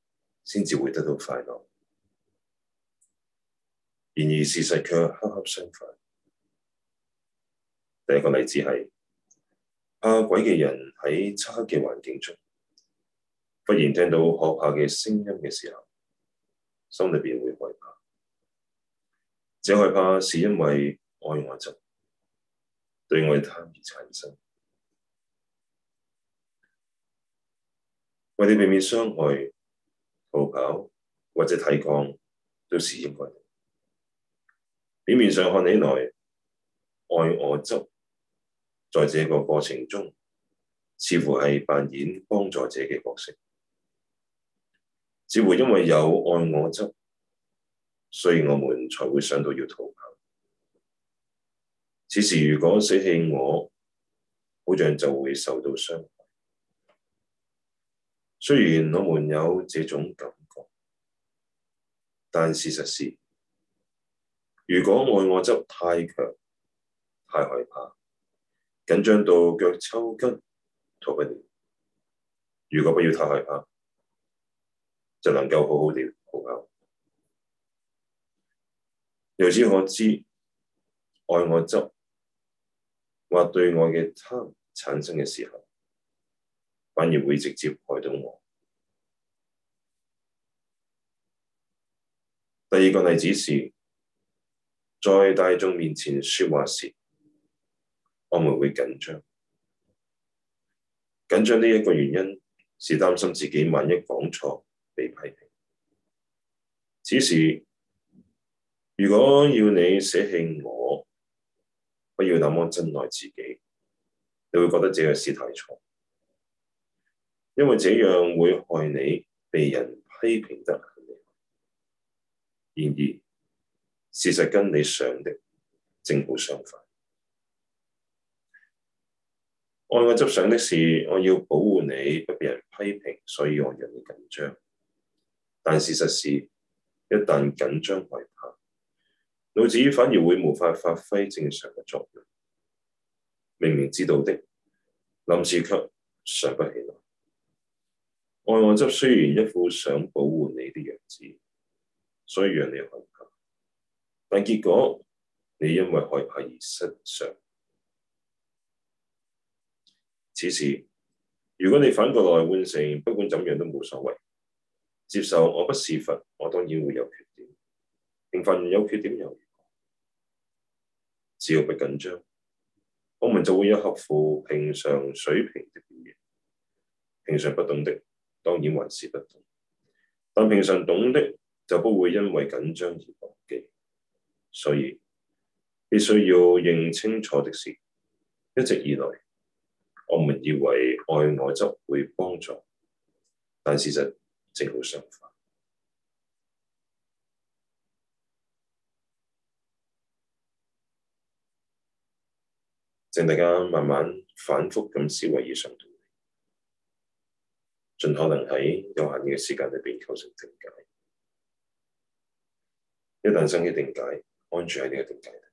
先至會得到快樂，然而事實卻恰恰相反。第一個例子係怕鬼嘅人喺漆黑嘅環境中，忽然聽到可怕嘅聲音嘅時候，心裏邊會害怕。這害怕是因為愛我執。對我嘅貪而產生，為了避免傷害，逃跑或者抵抗都是應該的。表面上看起來，愛我執在這個過程中，似乎係扮演幫助者嘅角色，似乎因為有愛我執，所以我們才會想到要逃跑。此時如果捨棄我，好像就會受到傷害。雖然我們有這種感覺，但事實是，如果愛我執太強，太害怕，緊張到腳抽筋，逃不了。如果不要太害怕，就能夠好好哋，好好。由此可知，愛我執。或對我嘅貪產生嘅時候，反而會直接害到我。第二個例子是，在大眾面前說話時，我們會緊張。緊張呢一個原因，是擔心自己萬一講錯被批評。此時，如果要你捨棄我。不要那麼珍愛自己，你會覺得這樣是太錯，因為這樣會害你被人批評得很厲害。然而，事實跟你想的正好相反。愛我執想的是，我要保護你不被人批評，所以我讓你緊張。但事實是，一旦緊張害怕。腦子反而會無法發揮正常嘅作用，明明知道的，臨時卻想不起來。愛我執雖然一副想保護你的樣子，所以讓你害怕，但結果你因為害怕而失常。此時，如果你反過來換成不管怎樣都冇所謂，接受我不是佛，我當然會有缺點，平凡人有缺點有……」只要不緊張，我們就會有合乎平常水平的表現。平常不懂的當然還是不懂，但平常懂的就不會因為緊張而忘記。所以必須要認清楚的是，一直以來我們以為愛我執會幫助，但事實正好相反。請大家慢慢反覆咁思維以上道理，盡可能喺有限嘅時間裏面構成定解。一旦生起定解，安住喺呢個定解。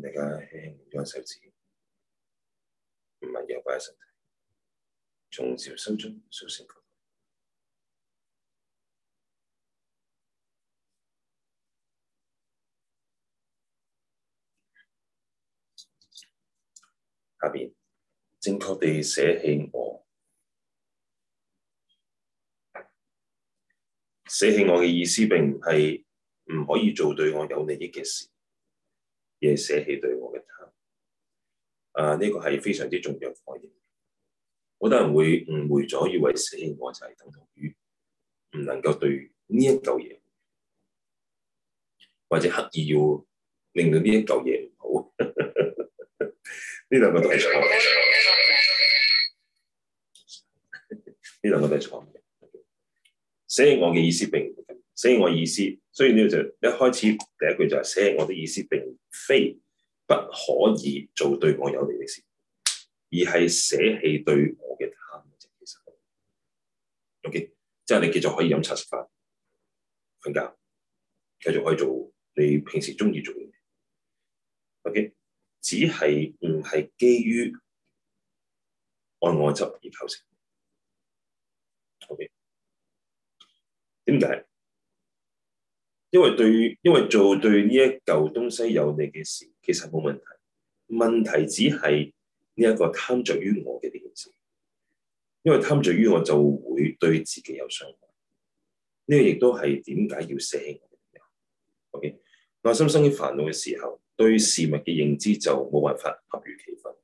大家輕輕用手指，唔埋油擺喺身從小心中少幸福。下邊正確地捨棄我，捨棄我嘅意思並唔係唔可以做對我有利益嘅事。係捨棄對我嘅貪，啊呢個係非常之重要嘅。好多人會誤會咗，以為捨棄我，就係等同於唔能夠對呢一嚿嘢，或者刻意要令到呢一嚿嘢唔好。呢 兩個都係錯，呢 兩個都係錯，所以我嘅意思並唔所以我意思，所以呢就一開始第一句就係捨棄我的意思並非不可以做對我有利的事，而係捨棄對我嘅貪。其實，OK，即係你繼續可以飲茶食飯、瞓覺，繼續可以做你平時中意做嘅嘢。OK，只係唔係基於愛我執而構成。OK，點解？因為對，因為做對呢一舊東西有利嘅事，其實冇問題。問題只係呢一個貪着於我嘅呢件事，因為貪着於我就會對自己有傷害。呢、這個亦都係點解要捨棄我嘅理由。O K，內心生起煩惱嘅時候，對事物嘅認知就冇辦法恰如其分。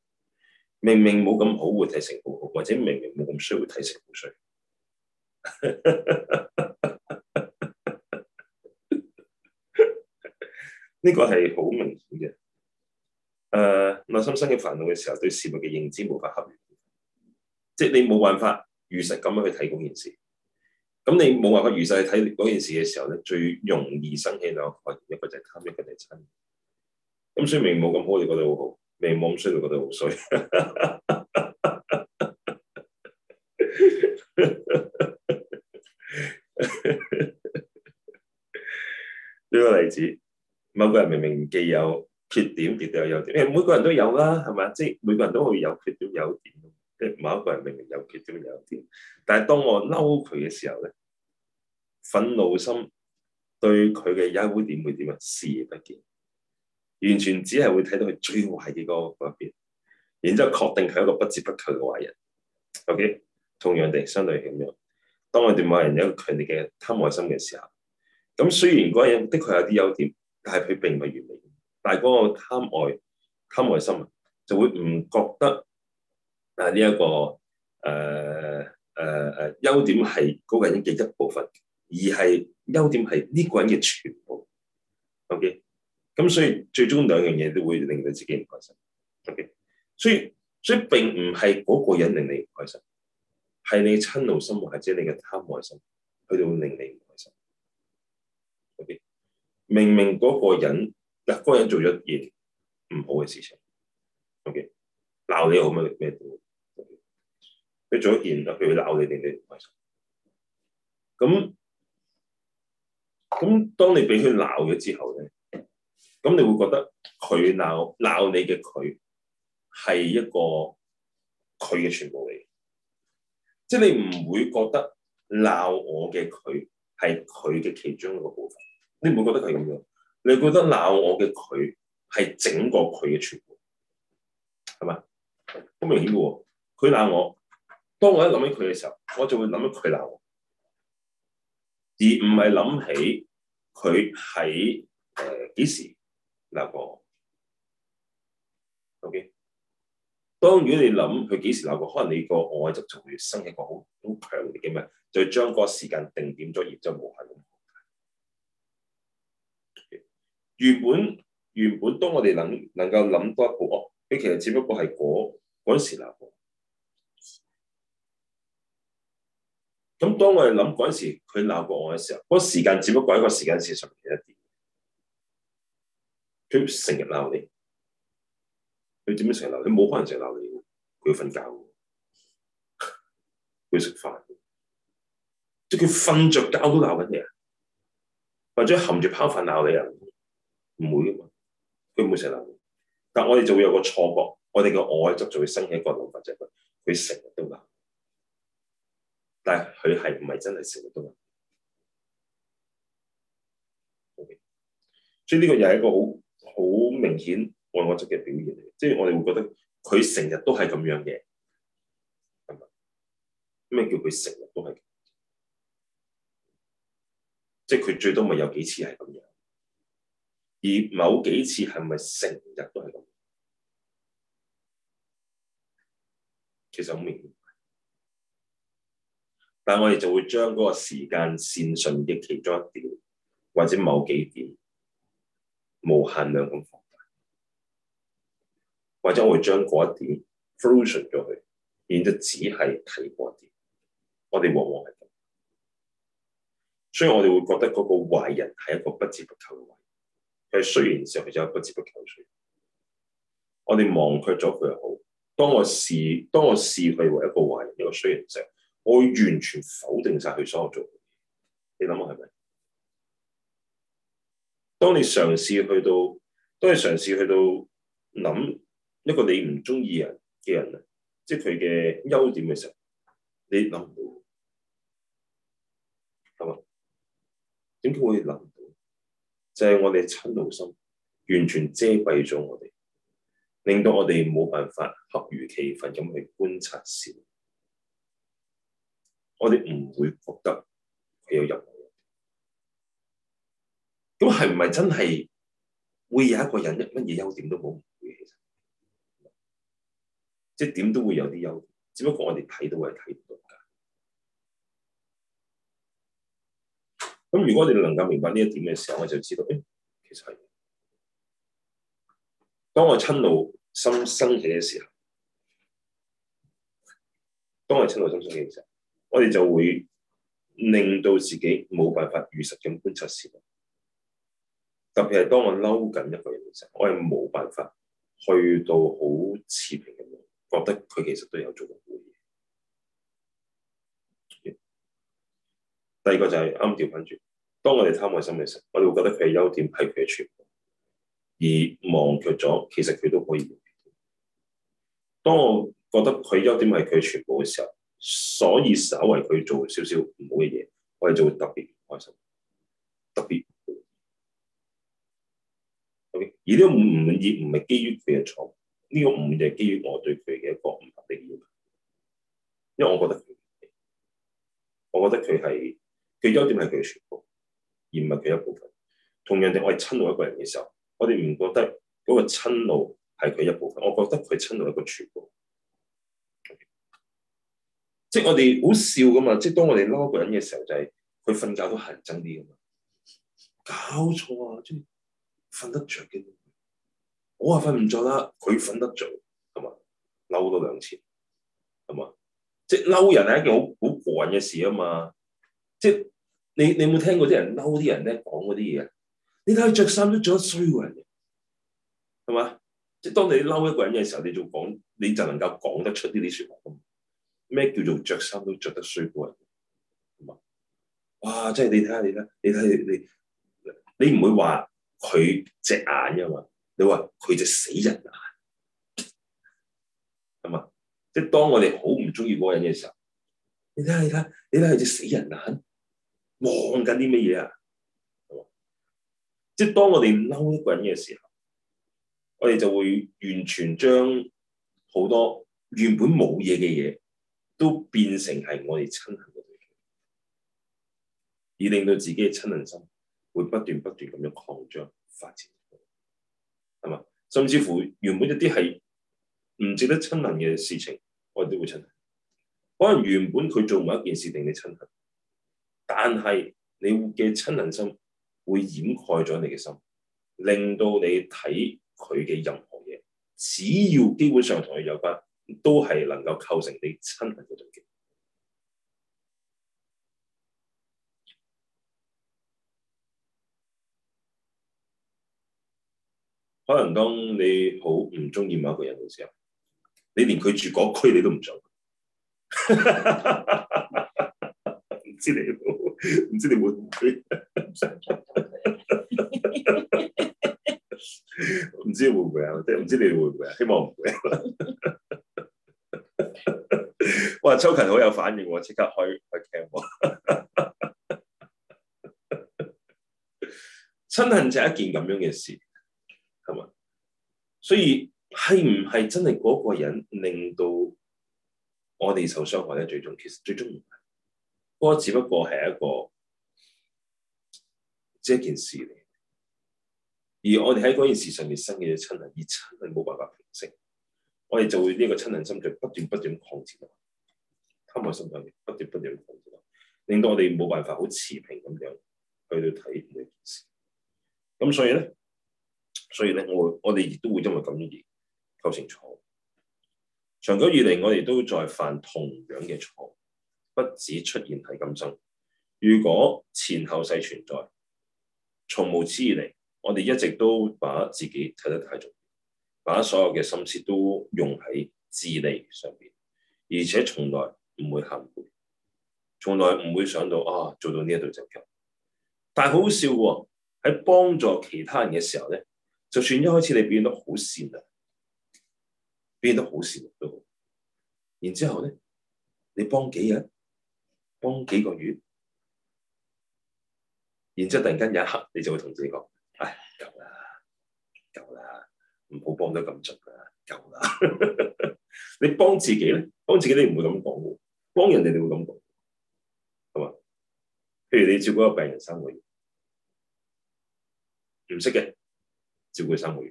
明明冇咁好會睇成好好，或者明明冇咁衰會睇成好衰。 呢個係好明顯嘅，誒、呃，內心生起煩惱嘅時候， 對事物嘅認知無法恰如其分，即係你冇辦法如實咁樣去睇嗰件事，咁你冇辦法如實去睇嗰件事嘅時候咧，最容易生起兩，一個就係貪，一個就係嗔，咁所以明明冇咁好，你覺得好好；明明冇咁衰，你覺得好衰。呢個例子。某個人明明既有缺點亦都有優點，每個人都有啦，係咪？即係每個人都可以有缺點、優點。即係某一個人明明有缺點、優點，但係當我嬲佢嘅時候咧，憤怒心對佢嘅優點會點啊？視而不見，完全只係會睇到佢最壞嘅嗰一邊，然之後確定係一個不折不扣嘅壞人。OK，同樣地，相對咁樣。當我哋對某人有一個強烈嘅貪愛心嘅時候，咁雖然嗰個人的確有啲優點。但係佢並唔係完美，但係嗰個貪愛貪愛心啊，就會唔覺得啊呢一個誒誒誒優點係嗰個人嘅一部分，而係優點係呢個人嘅全部。OK，咁所以最終兩樣嘢都會令到自己唔開心。OK，所以所以並唔係嗰個人令你唔開心，係你嘅嗔怒心或者你嘅貪愛心佢都會令你。明明嗰個人，嗰、嗰個人做咗嘢唔好嘅事情，事情，OK，鬧你好咩咩？你、okay? 做一件，就佢會鬧你哋，你唔開心咁咁，當你俾佢鬧咗之後咧，咁你會覺得佢鬧鬧你嘅佢係一個佢嘅全部嚟，即係你唔會覺得鬧我嘅佢係佢嘅其中一個部分。你唔會覺得佢咁樣，你覺得鬧我嘅佢係整個佢嘅全部，係嘛？好明顯嘅喎，佢鬧我，當我一諗起佢嘅時候，我就會諗起佢鬧我，而唔係諗起佢喺誒幾時鬧我。OK，當如果你諗佢幾時鬧過，可能你個愛就仲會生起個好好強烈嘅咩，就將個時間定點咗，然之後冇係咁。原本原本，原本當我哋能能夠諗多一步，你其實只不過係嗰嗰陣時鬧我。咁當我哋諗嗰陣時，佢鬧過我嘅時候，嗰時間只不過係一個時間線上嘅一點。佢成日鬧你，佢點樣成日鬧你？冇可能成日鬧你嘅，佢要瞓覺，佢要食飯。即係佢瞓着覺都鬧緊你啊，或者含住泡飯鬧你啊！唔會啊嘛，佢唔會成日鬧我，但我哋就會有個錯覺，我哋嘅愛我執就就會生起一個諗法，就係佢成日都咁，但係佢係唔係真係成日都咁？OK，所以呢個又係一個好好明顯愛我執嘅表現嚟，嘅。即係我哋會覺得佢成日都係咁樣嘅，係咪？咩叫佢成日都係？即係佢最多咪有幾次係咁樣？而某幾次係咪成日都係咁？其實我明白，但我哋就會將嗰個時間線順嘅其中一點，或者某幾點無限量咁放大，或者我會將嗰一點 fusion 咗去，變得只係睇嗰一點。我哋往往係咁，所以我哋會覺得嗰個壞人係一個不折不扣嘅壞人。佢衰人嘅時候，佢就一個只不過好衰。我哋忘卻咗佢又好。當我視當我視佢為一個壞人，一個衰人嘅時候，我會完全否定晒佢所做嘅嘢。你諗下係咪？當你嘗試去到，當你嘗試去到諗一個你唔中意人嘅人啊，即係佢嘅優點嘅時候，你諗唔到。係咪？點解會諗？即係我哋瞋怒心，完全遮蔽咗我哋，令到我哋冇辦法恰如其分咁去觀察事。我哋唔會覺得佢有任何。咁係唔係真係會有一個人乜嘢優點都冇嘅？其實即係點都會有啲優點，只不過我哋睇到係睇唔到。咁如果你能夠明白呢一點嘅時候，我就知道，誒、哎，其實係當我瞋怒心生起嘅時候，當我瞋怒心生起嘅時候，我哋就會令到自己冇辦法如實咁觀察事物。特別係當我嬲緊一個人嘅時候，我係冇辦法去到好持平咁樣，覺得佢其實都有做錯。第二個就係啱調反轉。當我哋貪愛心嘅時候，我哋會覺得佢嘅優點係佢嘅全部，而忘卻咗其實佢都可以。當我覺得佢優點係佢全部嘅時候，所以稍為佢做少少唔好嘅嘢，我哋就會特別唔開心，特別唔滿意。Okay? 而呢個唔滿意唔係基於佢嘅錯，呢個唔係基於我對佢嘅一個唔合理要求，因為我覺得我覺得佢係。佢優點係佢全部，而唔係佢一部分。同樣地，我係親路一個人嘅時候，我哋唔覺得嗰個親路係佢一部分，我覺得佢親路一個全部。Okay. 即係我哋好笑噶嘛！即係當我哋嬲一個人嘅時候，就係佢瞓覺都係憎啲噶嘛。搞錯啊！即係瞓得着嘅，我話瞓唔着啦，佢瞓得着，係嘛？嬲多兩次係嘛？即係嬲人係一件好好過癮嘅事啊嘛！即係你你有冇聽過啲人嬲啲人咧講嗰啲嘢啊？你睇下，着衫都着得衰過人，嘅，係嘛？即係當你嬲一個人嘅時候，你仲講你就能夠講得出呢啲説話。咁咩叫做着衫都着得衰過人？係嘛？哇！即係你睇下你睇你睇你你唔會話佢隻眼吖嘛？你話佢隻死人眼係嘛？即係當我哋好唔中意嗰個人嘅時候，你睇下你睇你睇佢隻死人眼。望緊啲乜嘢啊？即係當我哋嬲一個人嘅時候，我哋就會完全將好多原本冇嘢嘅嘢，都變成係我哋親恨嘅嘢，而令到自己嘅親恨心會不斷不斷咁樣擴張發展，係嘛？甚至乎原本一啲係唔值得親恨嘅事情，我哋都會親恨。可能原本佢做唔好一件事，定你親恨。但係你嘅親人心會掩蓋咗你嘅心，令到你睇佢嘅任何嘢，只要基本上同佢有關，都係能夠構成你親人嘅動機。可能當你好唔中意某一個人嘅時候，你連佢住嗰區你都唔想。 唔知你會唔知你會唔會唔知你會唔會啊？即係唔知你會唔會啊？希望唔會、啊。 哇！秋琴好有反應喎、啊，即刻開開 cam。 瞋恨就係一件咁樣嘅事，係嘛？所以係唔係真係嗰個人令到我哋受傷害咧？最終其實最終。嗰個只不過係一個一件事嚟，而我哋喺嗰件事上面生嘅親人，而親人冇辦法平息。我哋就會呢個親人心就不斷不斷擴展，貪愛心上面不斷不斷擴展，令到我哋冇辦法好持平咁樣去到睇呢件事。咁所以咧，所以咧，我我哋亦都會因為咁而構成錯。長久以嚟，我哋都再犯同樣嘅錯。不止出現喺今生，如果前後世存在，從無始以嚟，我哋一直都把自己睇得太重要，把所有嘅心思都用喺自利上邊，而且從來唔會喊攰，從來唔會想到啊做到呢一度就夠。但係好笑喎、啊，喺幫助其他人嘅時候咧，就算一開始你變得好善良，變得好善良都好，然之後咧，你幫幾日？幫幾個月，然之後突然間有一刻，你就會同自己講：唉，夠啦，夠啦，唔好幫得咁盡啦，夠啦。幫夠 你幫自己咧，幫自己你唔會咁講喎，幫人哋你會咁講，係嘛？譬如你照顧一個病人三個月，唔識嘅，照顧三個月，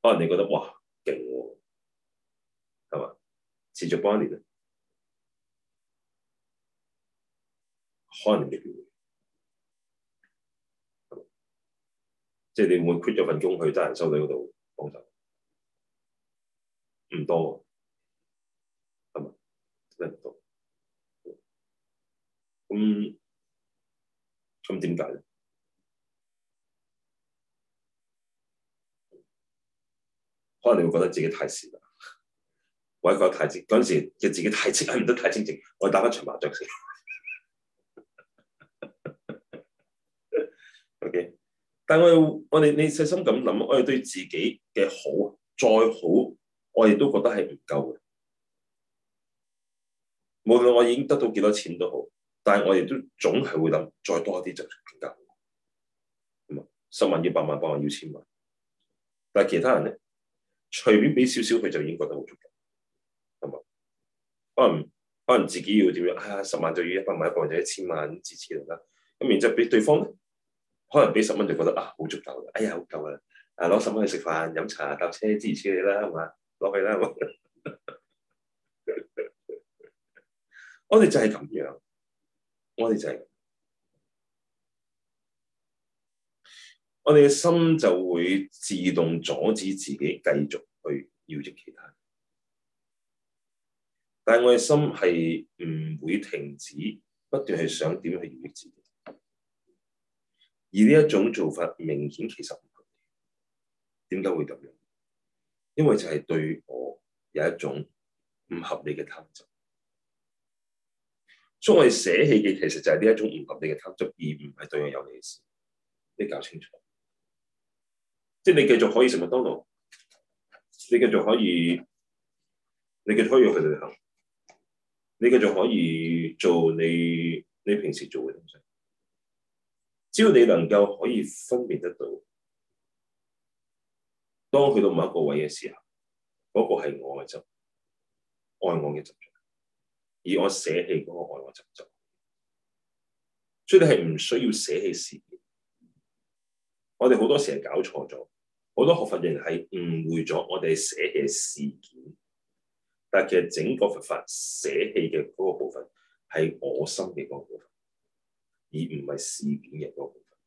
可能你覺得哇勁喎，係嘛、啊？持續幫一可能唔結業嘅，即係你會 quit 咗份工去工真人收到嗰度幫手，唔多，係咪真係唔多？咁咁點解咧？可能你會覺得自己太蝕啦。或者覺得太蝕嗰陣時嘅自己太清，唔得太清靜，我打翻場麻雀先。Okay? 但係我我哋你細心咁諗，我哋對自己嘅好再好，我哋都覺得係唔夠嘅。無論我已經得到幾多錢都好，但係我哋都總係會諗再多啲就更加好。十萬要百萬，百萬要千萬，但係其他人咧，隨便俾少少佢就已經覺得好足夠，係嘛？可能可能自己要點樣啊？十萬就要一百萬，一百萬就一千萬咁支持佢啦。咁然之後俾對,對方咧。可能俾十蚊就覺得啊，好足夠，哎呀，好夠啦！啊，攞十蚊去食飯、飲茶、搭車支持你啦，係嘛？攞去啦！ 我哋就係咁樣，我哋就係，我哋嘅心就會自動阻止自己繼續去要益其他人，但係我哋心係唔會停止，不斷係想點樣去要益自己。而呢一種做法明顯其實唔合理。點解會咁樣？因為就係對我有一種唔合理嘅貪執，所以我哋捨棄嘅其實就係呢一種唔合理嘅貪執，而唔係對我有利嘅事。你搞清楚，即係你繼續可以食麥當勞，你繼續可以，你繼續可以去旅行，你繼續可以做你你平時做嘅東西。只要你能夠可以分辨得到，當去到某一個位嘅時候，嗰個係我嘅執，愛我嘅執着，而我捨棄嗰個愛我執着，所以你係唔需要捨棄事件。我哋好多時係搞錯咗，好多學佛人係誤會咗我哋捨棄事件，但其實整個佛法捨棄嘅嗰個部分係我心嘅嗰個部分。而唔係事件嘅嗰部分，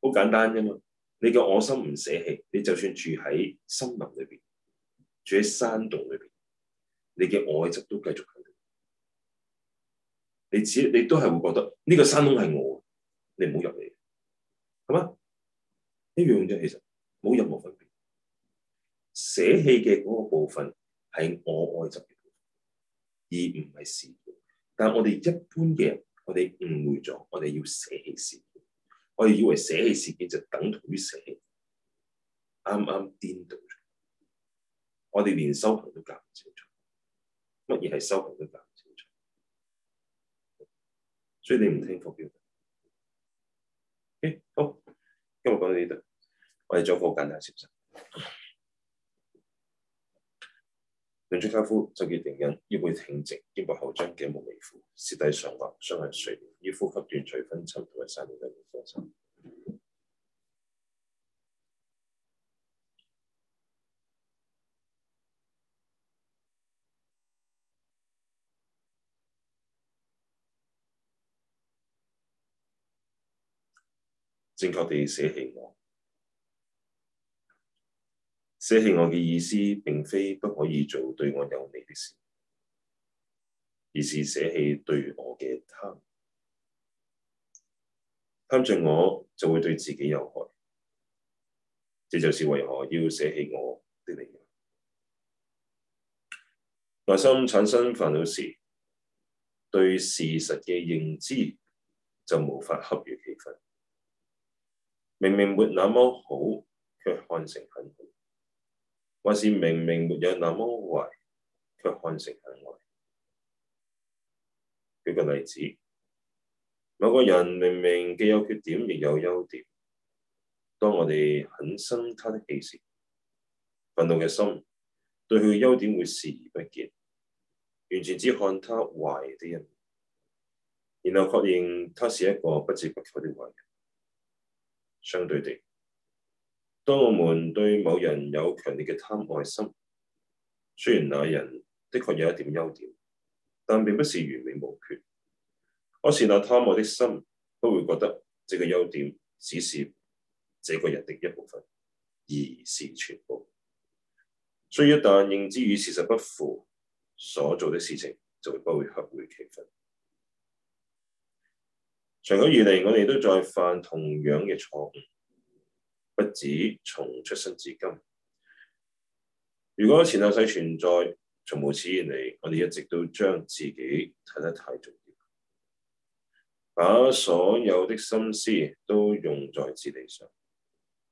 好簡單啫嘛。你嘅我心唔捨棄，你就算住喺森林裏邊，住喺山洞裏邊，你嘅愛執都繼續喺度。你只你都係會覺得呢個山洞係我，你唔好入嚟，係嘛？一樣啫，其實冇任何分別。捨棄嘅嗰個部分係我愛執嘅部分，而唔係事件。但係我哋一般嘅人。我哋誤會咗，我哋要捨棄事件，我哋以為捨棄事件就等同於捨棄，啱啱顛倒咗。我哋連修行都搞唔清楚，乜嘢係修行都搞唔清楚，所以你唔聽課表。誒，好，今日講到呢度，我哋再講簡單少少。兩隻卡夫就叫定印，腰背挺直，肩膊後張，頸部微俯，舌底上滑，雙眼垂，於呼吸斷除昏沉同埋散亂兩種方式，正確地捨棄我。捨棄我嘅意思，並非不可以做對我有利嘅事，而是捨棄對我嘅貪。貪著我就會對自己有害。這就是為何要捨棄我的理由。內心產生煩惱時，對事實嘅認知就無法恰如其分。明明沒那麼好，卻看成很好。或是明明沒有那麼壞，卻看成很壞。舉個例子，某個人明明既有缺點亦有優點，當我哋很生他的氣時，憤怒嘅心對佢嘅優點會視而不見，完全只看他壞的一面，然後確認他是一個不折不扣嘅壞人，相對地。當我們對某人有強烈嘅貪愛心，雖然那人的確有一點優點，但並不是完美無缺。可是那貪愛的心不會覺得，這個優點只是這個人的一部分，而是全部。所以一旦認知與事實不符，所做的事情就會不會合乎其分。長久以來，我哋都在犯同樣嘅錯誤。不止從出生至今，如果前後世存在，從無始以來，我哋一直都將自己睇得太重要，把所有的心思都用在自利上，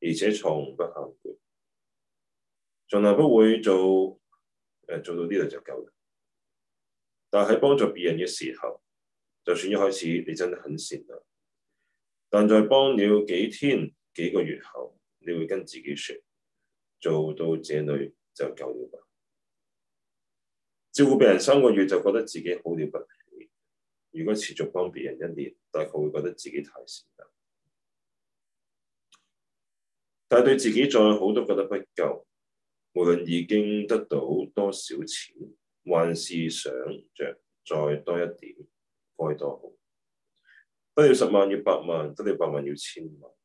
而且從不後悔，從來不會做誒、呃、做到呢度就夠啦。但係幫助別人嘅時候，就算一開始你真係很善良，但在幫了幾天，幾個月後，你會跟自己說，做到這裏就夠了吧。照顧病人三個月，就覺得自己好了不起，如果持續幫別人一年，大概會覺得自己太善良。但係對自己再好都覺得不夠，無論已經得到多少錢，還是想着再多一點，該多好，得了十萬要百萬，得了百萬，得了百萬要千萬。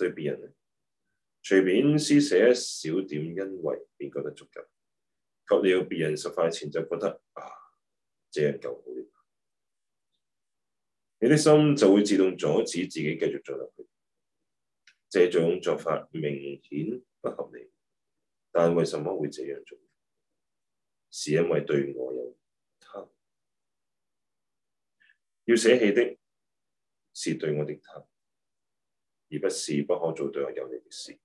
對別人呢，隨便施捨少點，因為便覺得足夠；給了別人十塊錢，就覺得啊，這樣夠好啲。你的心就會自動阻止自己繼續做落去。這種做法明顯不合理，但為什麼會這樣做？是因為對我有貪，要捨棄的是對我的貪。而不是不可做對我有利的事，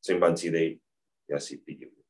成辦自利也是必要的。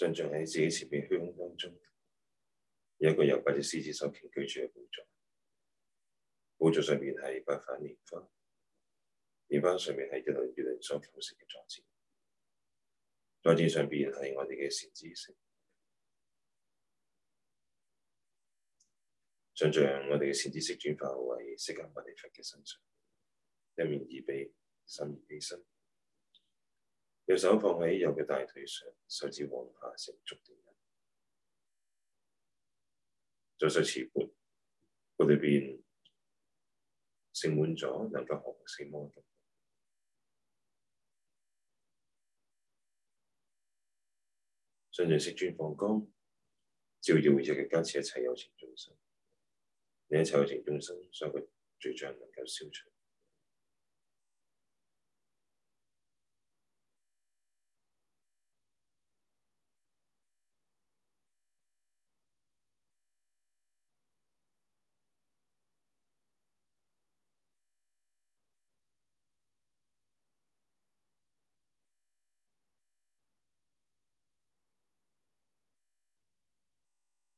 想象喺自己前面，虛空當中，一個有個由八隻獅子所護居住嘅寶座，寶座上面係八瓣蓮花，蓮花上面係一輪月亮所構成嘅莊子，莊子上邊係我哋嘅善知識。想象我哋嘅善知識轉化為釋迦牟尼佛嘅身上，一面慈悲，心地悲深。右手放喺右嘅大腿上，手指往下成足點，左手持缽，我哋邊盛滿咗能夠降死魔毒，上上色磚放光，照耀護者嘅加持一切有情眾生，令一切，有情一切有情有情眾生上佢罪障能夠消除。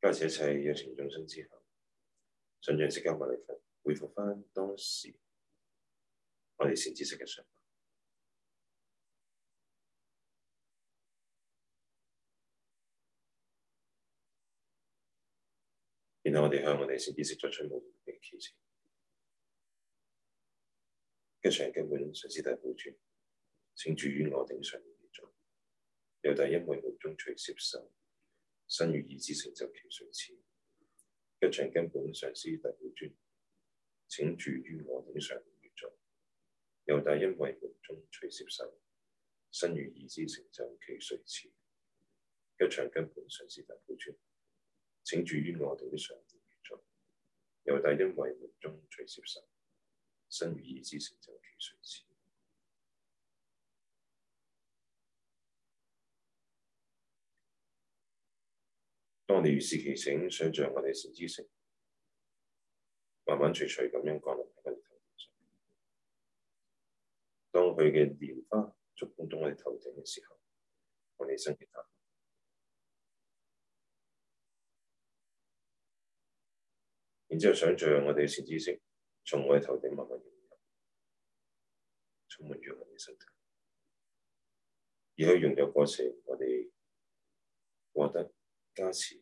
加上一切有情眾生之後，盡量釋迦牟尼佛回復翻當時我哋善知識嘅想法，然後我哋向我哋善知識作出無言嘅祈請，一切根本上師大寶尊，請住於我頂上念之中，有第一枚無中取接受。身如二之成就奇瑞次，一場根本上師大寶尊，請住於我頂上圓座。由大因位中取攝受，身如二之成就奇瑞次，一場根本上師大寶尊，請住於我頂上圓座。由大因位中取攝受，身如二之成就奇瑞次。當我哋如是其醒，想象我哋嘅善知識慢慢徐徐咁樣降落喺我哋頭頂上面。當佢嘅蓮花觸碰到我哋頭頂嘅時候，我哋身體。然之後，想象我哋嘅善知識從我哋頭頂慢慢融入，充滿住我哋身體。而喺融入過程，我哋獲得加持。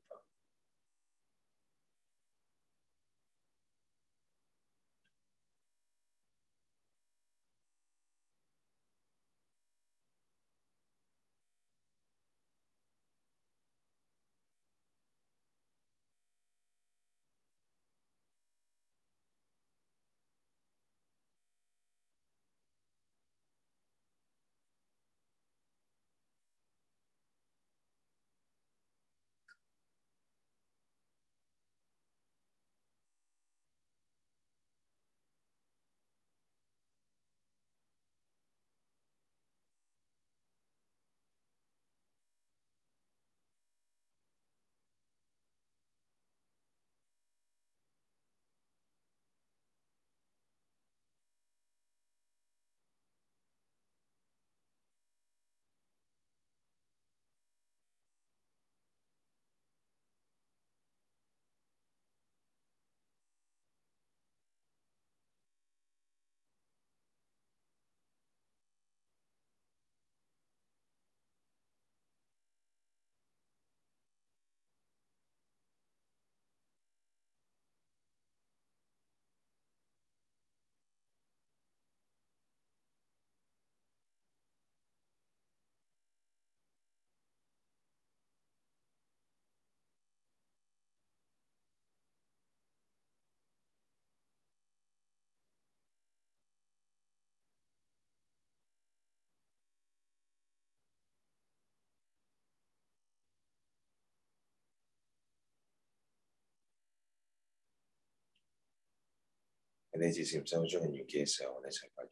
你自禪修中嘅遇見嘅時候，我哋一齊發願，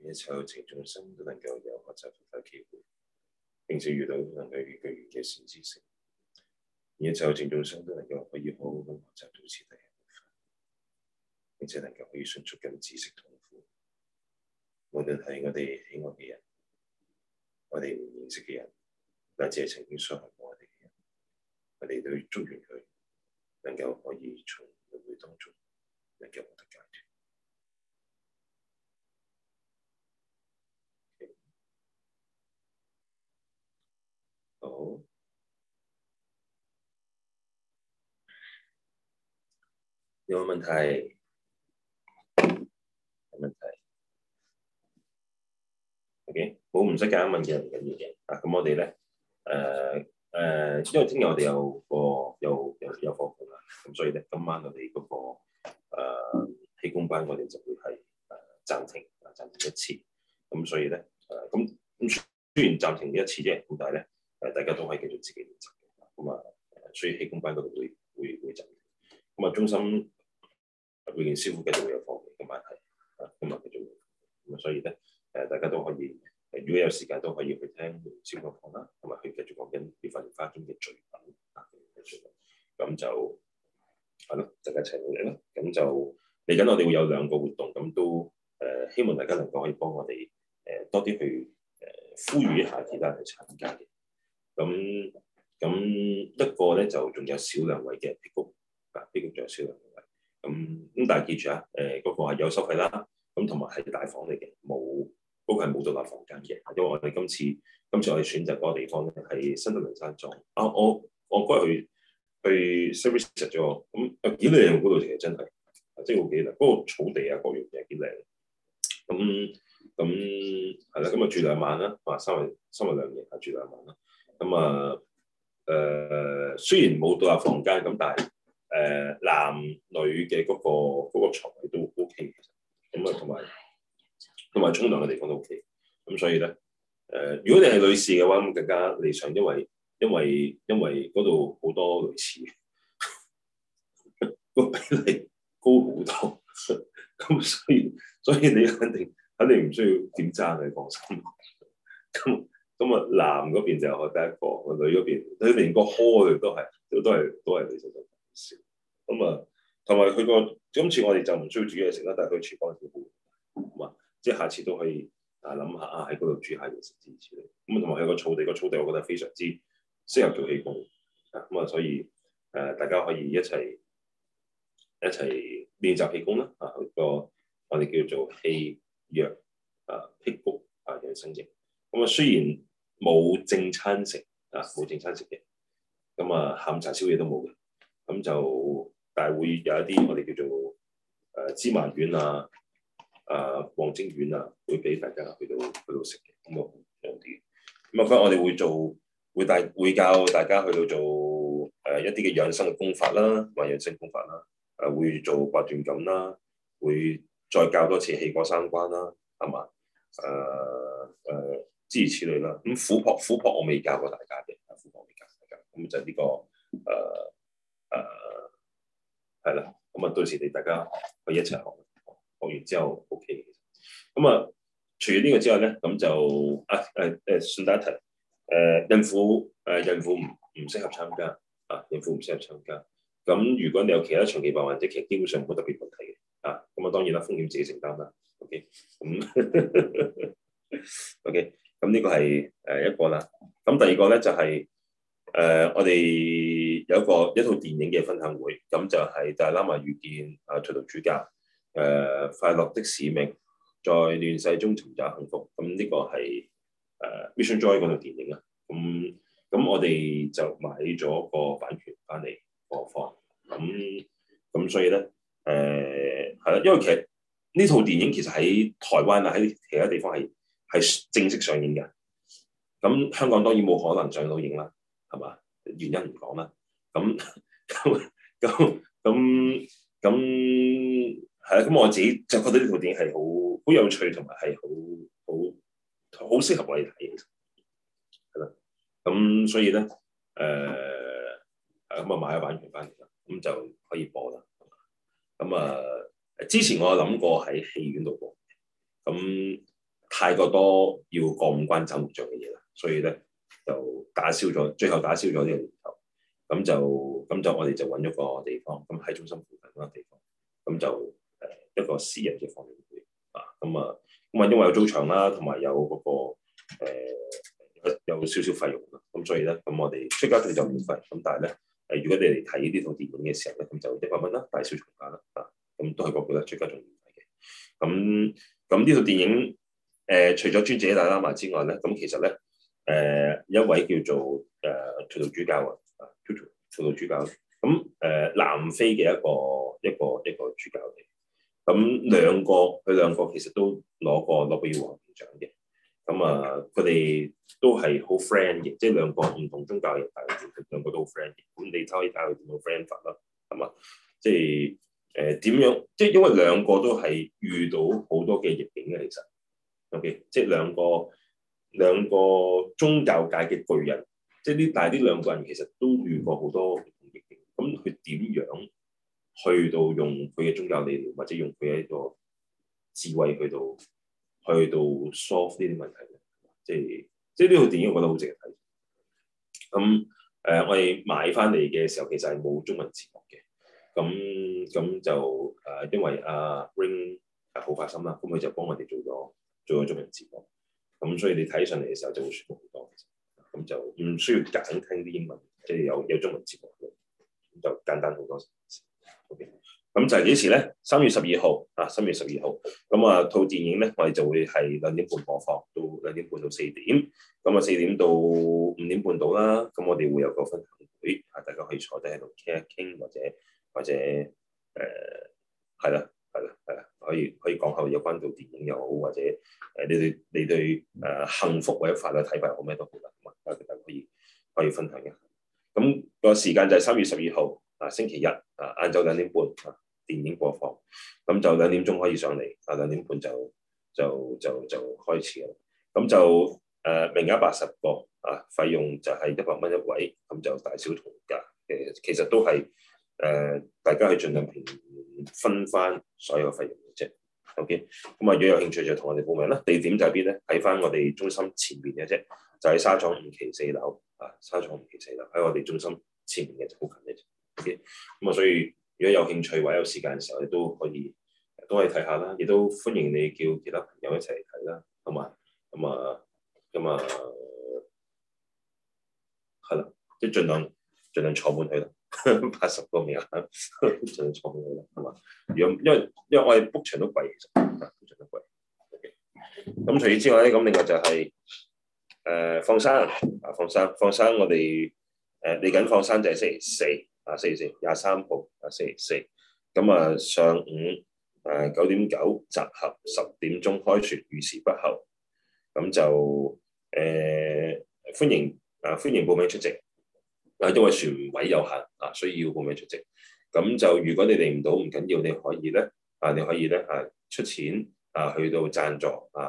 願一切有情眾生都能夠有學習佛法嘅機會，並且遇到能夠遇見嘅善知識，願一切有情眾生都能夠可以好好咁學習到此第一部分，並且能夠可以迅速咁知識痛苦。無論係我哋喜愛嘅人、我哋唔認識嘅人、或者係曾經傷害過我哋嘅人，我哋都祝願佢能夠可以從會當中入入得提界。好，有冇問題？有問題？OK，好，唔識㗎，問嘅人唔緊要嘅啊。咁我哋咧，誒、呃、誒、呃，因為聽日我哋有個有有有課本啦，咁所以咧今晚我哋嗰、這個誒氣功班我，我哋就會係誒暫停啊，暫停一次。咁所以咧，誒咁咁雖然暫停一次啫，咁但係咧。誒，大家都可以繼續自己練習嘅咁啊！誒、嗯，所以氣功班嗰度會會會集咁啊。中心會練師傅繼續會有課嘅咁啊，係啊，咁、嗯、啊、嗯、繼續咁啊、嗯，所以咧誒、呃，大家都可以誒，如果有時間都可以去聽師傅講啦，咁、嗯、啊，去、嗯、繼續講緊啲發展發展嘅聚品啊，咁、嗯、就係咯，大、嗯、家一齊嚟咯。咁就嚟緊，我哋會有兩個活動，咁都誒、呃，希望大家能夠可以幫我哋誒、呃、多啲去誒、呃、呼籲一下其他人去，啲人嚟參加嘅。咁咁、嗯嗯、一個咧就仲有少量位嘅別谷，啊別谷仲有少量位。咁、嗯、咁但係記住啊誒嗰個係有收費啦。咁同埋係大房嚟嘅，冇嗰、那個係冇獨立房間嘅。因為我哋今次今次我哋選擇嗰個地方咧係新德林山莊。啊我我嗰日去去 service 咗，咁幾靚嗰度其實真係，即係好記得嗰個草地啊各樣嘢幾靚。咁咁係啦，咁、嗯、啊住兩晚啦，啊三日三日兩夜啊住兩晚啦。咁啊，誒誒、呃，雖然冇獨立房間，咁但係誒、呃、男女嘅嗰、那個那個床位都 O K 嘅，咁啊同埋同埋沖涼嘅地方都 O K，咁所以咧誒、呃，如果你係女士嘅話，咁更加理想因，因為因為因為嗰度好多女士，個比例高好多，咁 所以所以你肯定肯定唔需要點爭嘅，你放心。 咁啊、嗯，男嗰邊就有個 backboard，個女嗰邊佢連個開都係都都係都係女仔做。咁啊，同埋佢個今次我哋就唔需要煮嘢食啦，但係佢廚房幾好。咁、嗯、啊，即係下次都可以啊諗下啊，喺嗰度煮下嘢食之類。咁、嗯、啊，同埋佢個草地個草地，草地我覺得非常之適合做氣功。啊咁啊，所以誒、呃、大家可以一齊一齊練習氣功啦。啊個我哋叫做氣弱啊辟穀啊養生型。咁、嗯、啊，雖然～冇正餐食啊，冇正餐食嘅，咁啊下午茶宵夜都冇嘅，咁就但係會有一啲我哋叫做誒、呃、芝麻丸啊、啊、呃、黃精丸啊，會俾大家去到去到食嘅，咁啊兩點，咁啊，跟住我哋會做會大會教大家去到做誒、呃、一啲嘅養生嘅功法啦，或養生功法啦，誒、呃、會做八段錦啦，會再教多次氣過三關啦，係嘛？誒、呃、誒。呃諸如此類啦，咁虎搏虎搏我未教過大家嘅，虎搏我未教大家，咁就呢、這個誒誒係啦，咁、呃、啊、呃、到時你大家可以一齊學，學完之後 OK 嘅，咁啊除咗呢個之外咧，咁就啊誒誒、啊啊、順帶一提，誒孕婦誒孕婦唔唔適合參加啊，孕婦唔、啊、適合參加，咁、啊、如果你有其他長期病患者，其實基本上冇特別問題嘅，啊咁啊當然啦風險自己承擔啦，OK，咁 OK。 咁呢、嗯這個係誒一個啦。咁、呃、第二個咧就係、是、誒、呃、我哋有一個一套電影嘅分享會，咁、嗯、就係、是《大喇嘛遇見》啊，《財道主教》誒、呃，《快樂的使命》在亂世中尋找幸福。咁、嗯、呢、這個係誒、呃、Mission Joy 嗰套電影啊。咁、嗯、咁、嗯、我哋就買咗個版權翻嚟播放。咁、嗯、咁、嗯、所以咧誒係啦，因為其實呢套電影其實喺台灣啊，喺其他地方係，係正式上映嘅，咁香港當然冇可能上到映啦，係嘛？原因唔講啦。咁咁咁咁係啊。咁我自己就覺得呢部電影係好好有趣，同埋係好好好適合我哋睇嘅。係啦。咁所以咧，誒咁啊買咗版權翻嚟啦，咁就可以播啦。咁啊，之前我有諗過喺戲院度播咁。太過多要過五關斬六將嘅嘢啦，所以咧就打消咗，最後打消咗呢個念頭。咁就咁就我哋就揾咗個地方，咁喺中心附近嗰個地方。咁就誒一個私人嘅放映嘅地方啊。咁啊，因為有租場啦、啊，同埋有、嗰個誒、呃、有少少費用啦。咁所以咧，咁我哋出家團就免費。咁但係咧誒，如果你嚟睇呢套電影嘅時候咧，咁就一百蚊啦，大少場價啦啊。咁都係嗰句啦，出家仲免費嘅。咁咁呢套電影。誒、呃，除咗尊者大喇嘛之外咧，咁其實咧，誒、呃、一位叫做誒圖、呃、圖主教啊 Tutu 圖圖主教，咁、呃、誒南非嘅一個一個一個主教嚟。咁、嗯、兩個佢兩個其實都攞過諾貝爾和平獎嘅，咁、嗯、啊，佢哋都係好 friend 嘅，即係兩個唔同宗教嘅，但佢哋兩個都好 friend 嘅，咁你可以帶佢哋做 friend 法啦，咁啊，即係誒點樣？即係因為兩個都係遇到好多嘅逆境嘅，其實。O.K. 即係兩個兩個宗教界嘅巨人，即係呢，但係呢兩個人其實都遇過好多唔逆境。咁佢點樣去到用佢嘅宗教理念，或者用佢一個智慧去到去到 soft 呢啲問題咧？即係即係呢套電影，我覺得好值得睇。咁誒、呃，我哋買翻嚟嘅時候其實係冇中文字幕嘅。咁咁就誒、呃，因為阿、啊、Ring 係好花心啦，咁佢就幫我哋做咗。做咗中文字幕，咁所以你睇上嚟嘅時候就會舒服好多，咁就唔需要揀聽啲英文，即係有有中文字幕。咁就簡單好多。okay，咁就係幾時咧？三月十二號啊，三月十二號，咁啊，套電影咧，我哋就會係兩點半播放到兩點半到四點，咁啊，四點到五點半到啦，咁我哋會有個分享會，啊，大家可以坐低喺度傾一傾，或者或者誒，係呃啦。係啦，係啦，可以可以講下有關到電影又好，或者誒、啊、你對你對誒幸福或者快樂嘅睇法，好咩都好啦，咁啊，大家可以可以分享一下。咁、那個時間就係三月十二號啊，星期日，啊，晏晝兩點半啊，電影播放。咁就兩點鐘可以上嚟，啊兩點半就就就就開始啦。咁就誒、啊、名額八十個啊，費用就係一百蚊一位，咁就大小同價誒，其實都係。誒，大家去盡量平分翻所有費用嘅啫。OK，咁、就是、啊 okay？嗯，如果有興趣就同我哋報名啦。地點就喺邊咧？喺翻我哋中心前面嘅啫，就喺沙廠五期四樓啊。沙廠五期四樓喺我哋中心前面嘅，好近嘅。啫。咁啊，所以如果有興趣或者有時間嘅時候，你都可以都可以睇下啦。亦都歡迎你叫其他朋友一齊嚟睇啦。同埋，咁啊，咁啊，係啦，即係盡量盡量坐滿佢啦。八十 個名額，就坐滿咗啦，係嘛？如果因為因為我哋 book 場都貴，其實 book 場都貴。咁、okay. 除此之外咧，咁另外就係、是、誒、呃、放生啊，放生放生，我哋誒嚟緊放生就係星期四啊，星期四廿三號啊，星期四咁啊，四四啊上午誒九點九集合，十點鐘開船，如時不候。咁就誒、啊、歡迎啊歡迎報名出席。因為船位有限啊，所以要報名出席。咁就如果你嚟唔到，唔緊要，你可以咧啊，你可以咧啊，出錢啊去到贊助啊，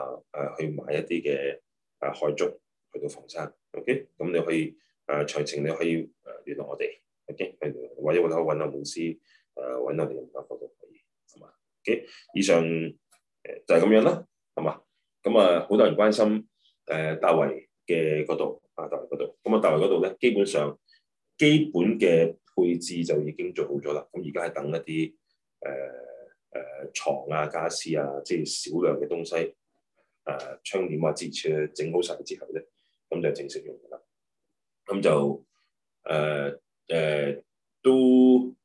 誒去買一啲嘅啊海竹去到防身。O K. 咁你可以啊詳情，你可以聯絡、啊、我哋。O、okay? K. 或者我哋可以揾下老師誒揾我哋任何角度可以，係嘛？O K. 以上誒就係咁樣啦，係嘛？咁啊，好多人關心誒大圍嘅嗰度啊，大圍嗰度。咁啊，大圍嗰度咧基本上。基本嘅配置就已經做好咗啦，咁而家係等一啲誒誒牀啊、家私啊，即係少量嘅東西，誒、呃、窗簾啊之類、啊、整好晒之後咧，咁就正式用嘅啦。咁就誒誒都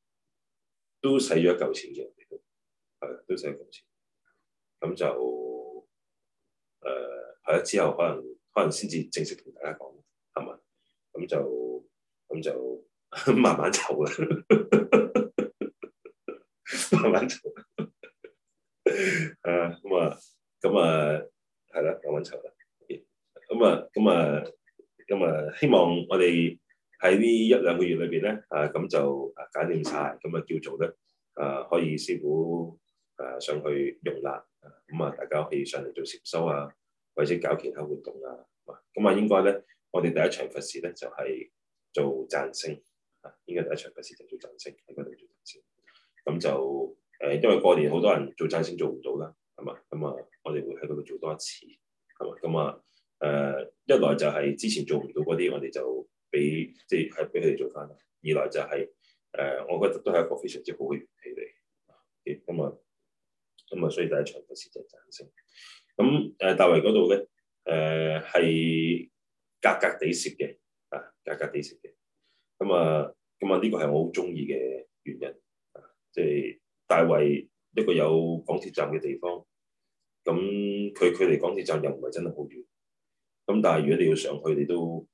都使咗一嚿錢嘅，係、呃、啊、呃，都使一嚿錢。咁就誒係啦，之後可能可能先至正式同大家講，係咪？咁就。就慢慢籌啦，慢慢籌 Basil 啊。咁、嗯、啊，咁、嗯、啊，係啦，慢慢籌啦。咁啊，咁啊，咁啊，希望我哋喺呢一兩個月裏邊咧，啊，咁就啊，搞掂晒，咁啊，叫做咧啊，可以師傅啊上去用啦。咁啊，大家可以上嚟做禪修啊，或者搞其他活動啊。咁啊，應該咧，我哋第一場佛事咧，就係。做贊星啊！應該第一場嘅時就做贊星，喺嗰度做贊星，咁就誒、呃，因為過年好多人做贊星做唔到啦，係嘛？咁啊，我哋會喺嗰度做多一次，係嘛？咁啊誒，一來就係之前做唔到嗰啲，我哋就俾即係俾佢哋做返；二來就係、是、誒、呃，我覺得都係一個非常之好嘅緣起嚟，咁啊咁啊，所以第一場嘅時就贊星。咁誒、呃，大圍嗰度咧誒係格格地蝕嘅。家家地食嘅，咁、嗯、啊，咁、嗯、啊，呢、嗯嗯嗯這個係我好中意嘅原因，啊、即係大圍一個有港鐵站嘅地方，咁佢距離港鐵站又唔係真係好遠，咁、嗯、但係如果你要上去，你都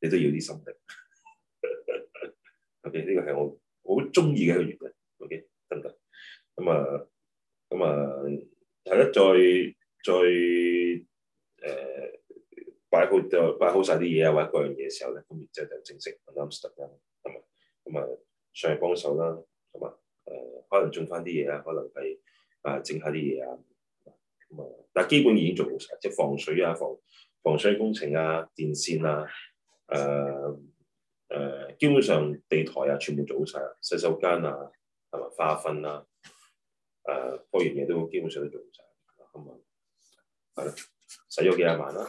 你都要啲心力。 OK，呢個係我好中意嘅一個原因。OK，得唔得？咁、嗯、啊，咁、嗯、啊，睇、嗯、得再再誒。呃擺好就擺好晒啲嘢啊，或者各樣嘢嘅時候咧，咁然之後就正式安裝室啦，咁、嗯、啊，咁啊上嚟幫手啦，咁、嗯、啊，誒可能種翻啲嘢啊，可能係啊、呃、整一下啲嘢啊，咁、嗯、啊，但係基本已經做好晒，即係防水啊、防防水工程啊、電線啊、誒、呃、誒、呃，基本上地台啊全部做好晒啦，洗手間啊同埋化糞啊，誒開完嘢都基本上都做好晒。咁、嗯嗯、啊係啦，使咗幾廿萬啦。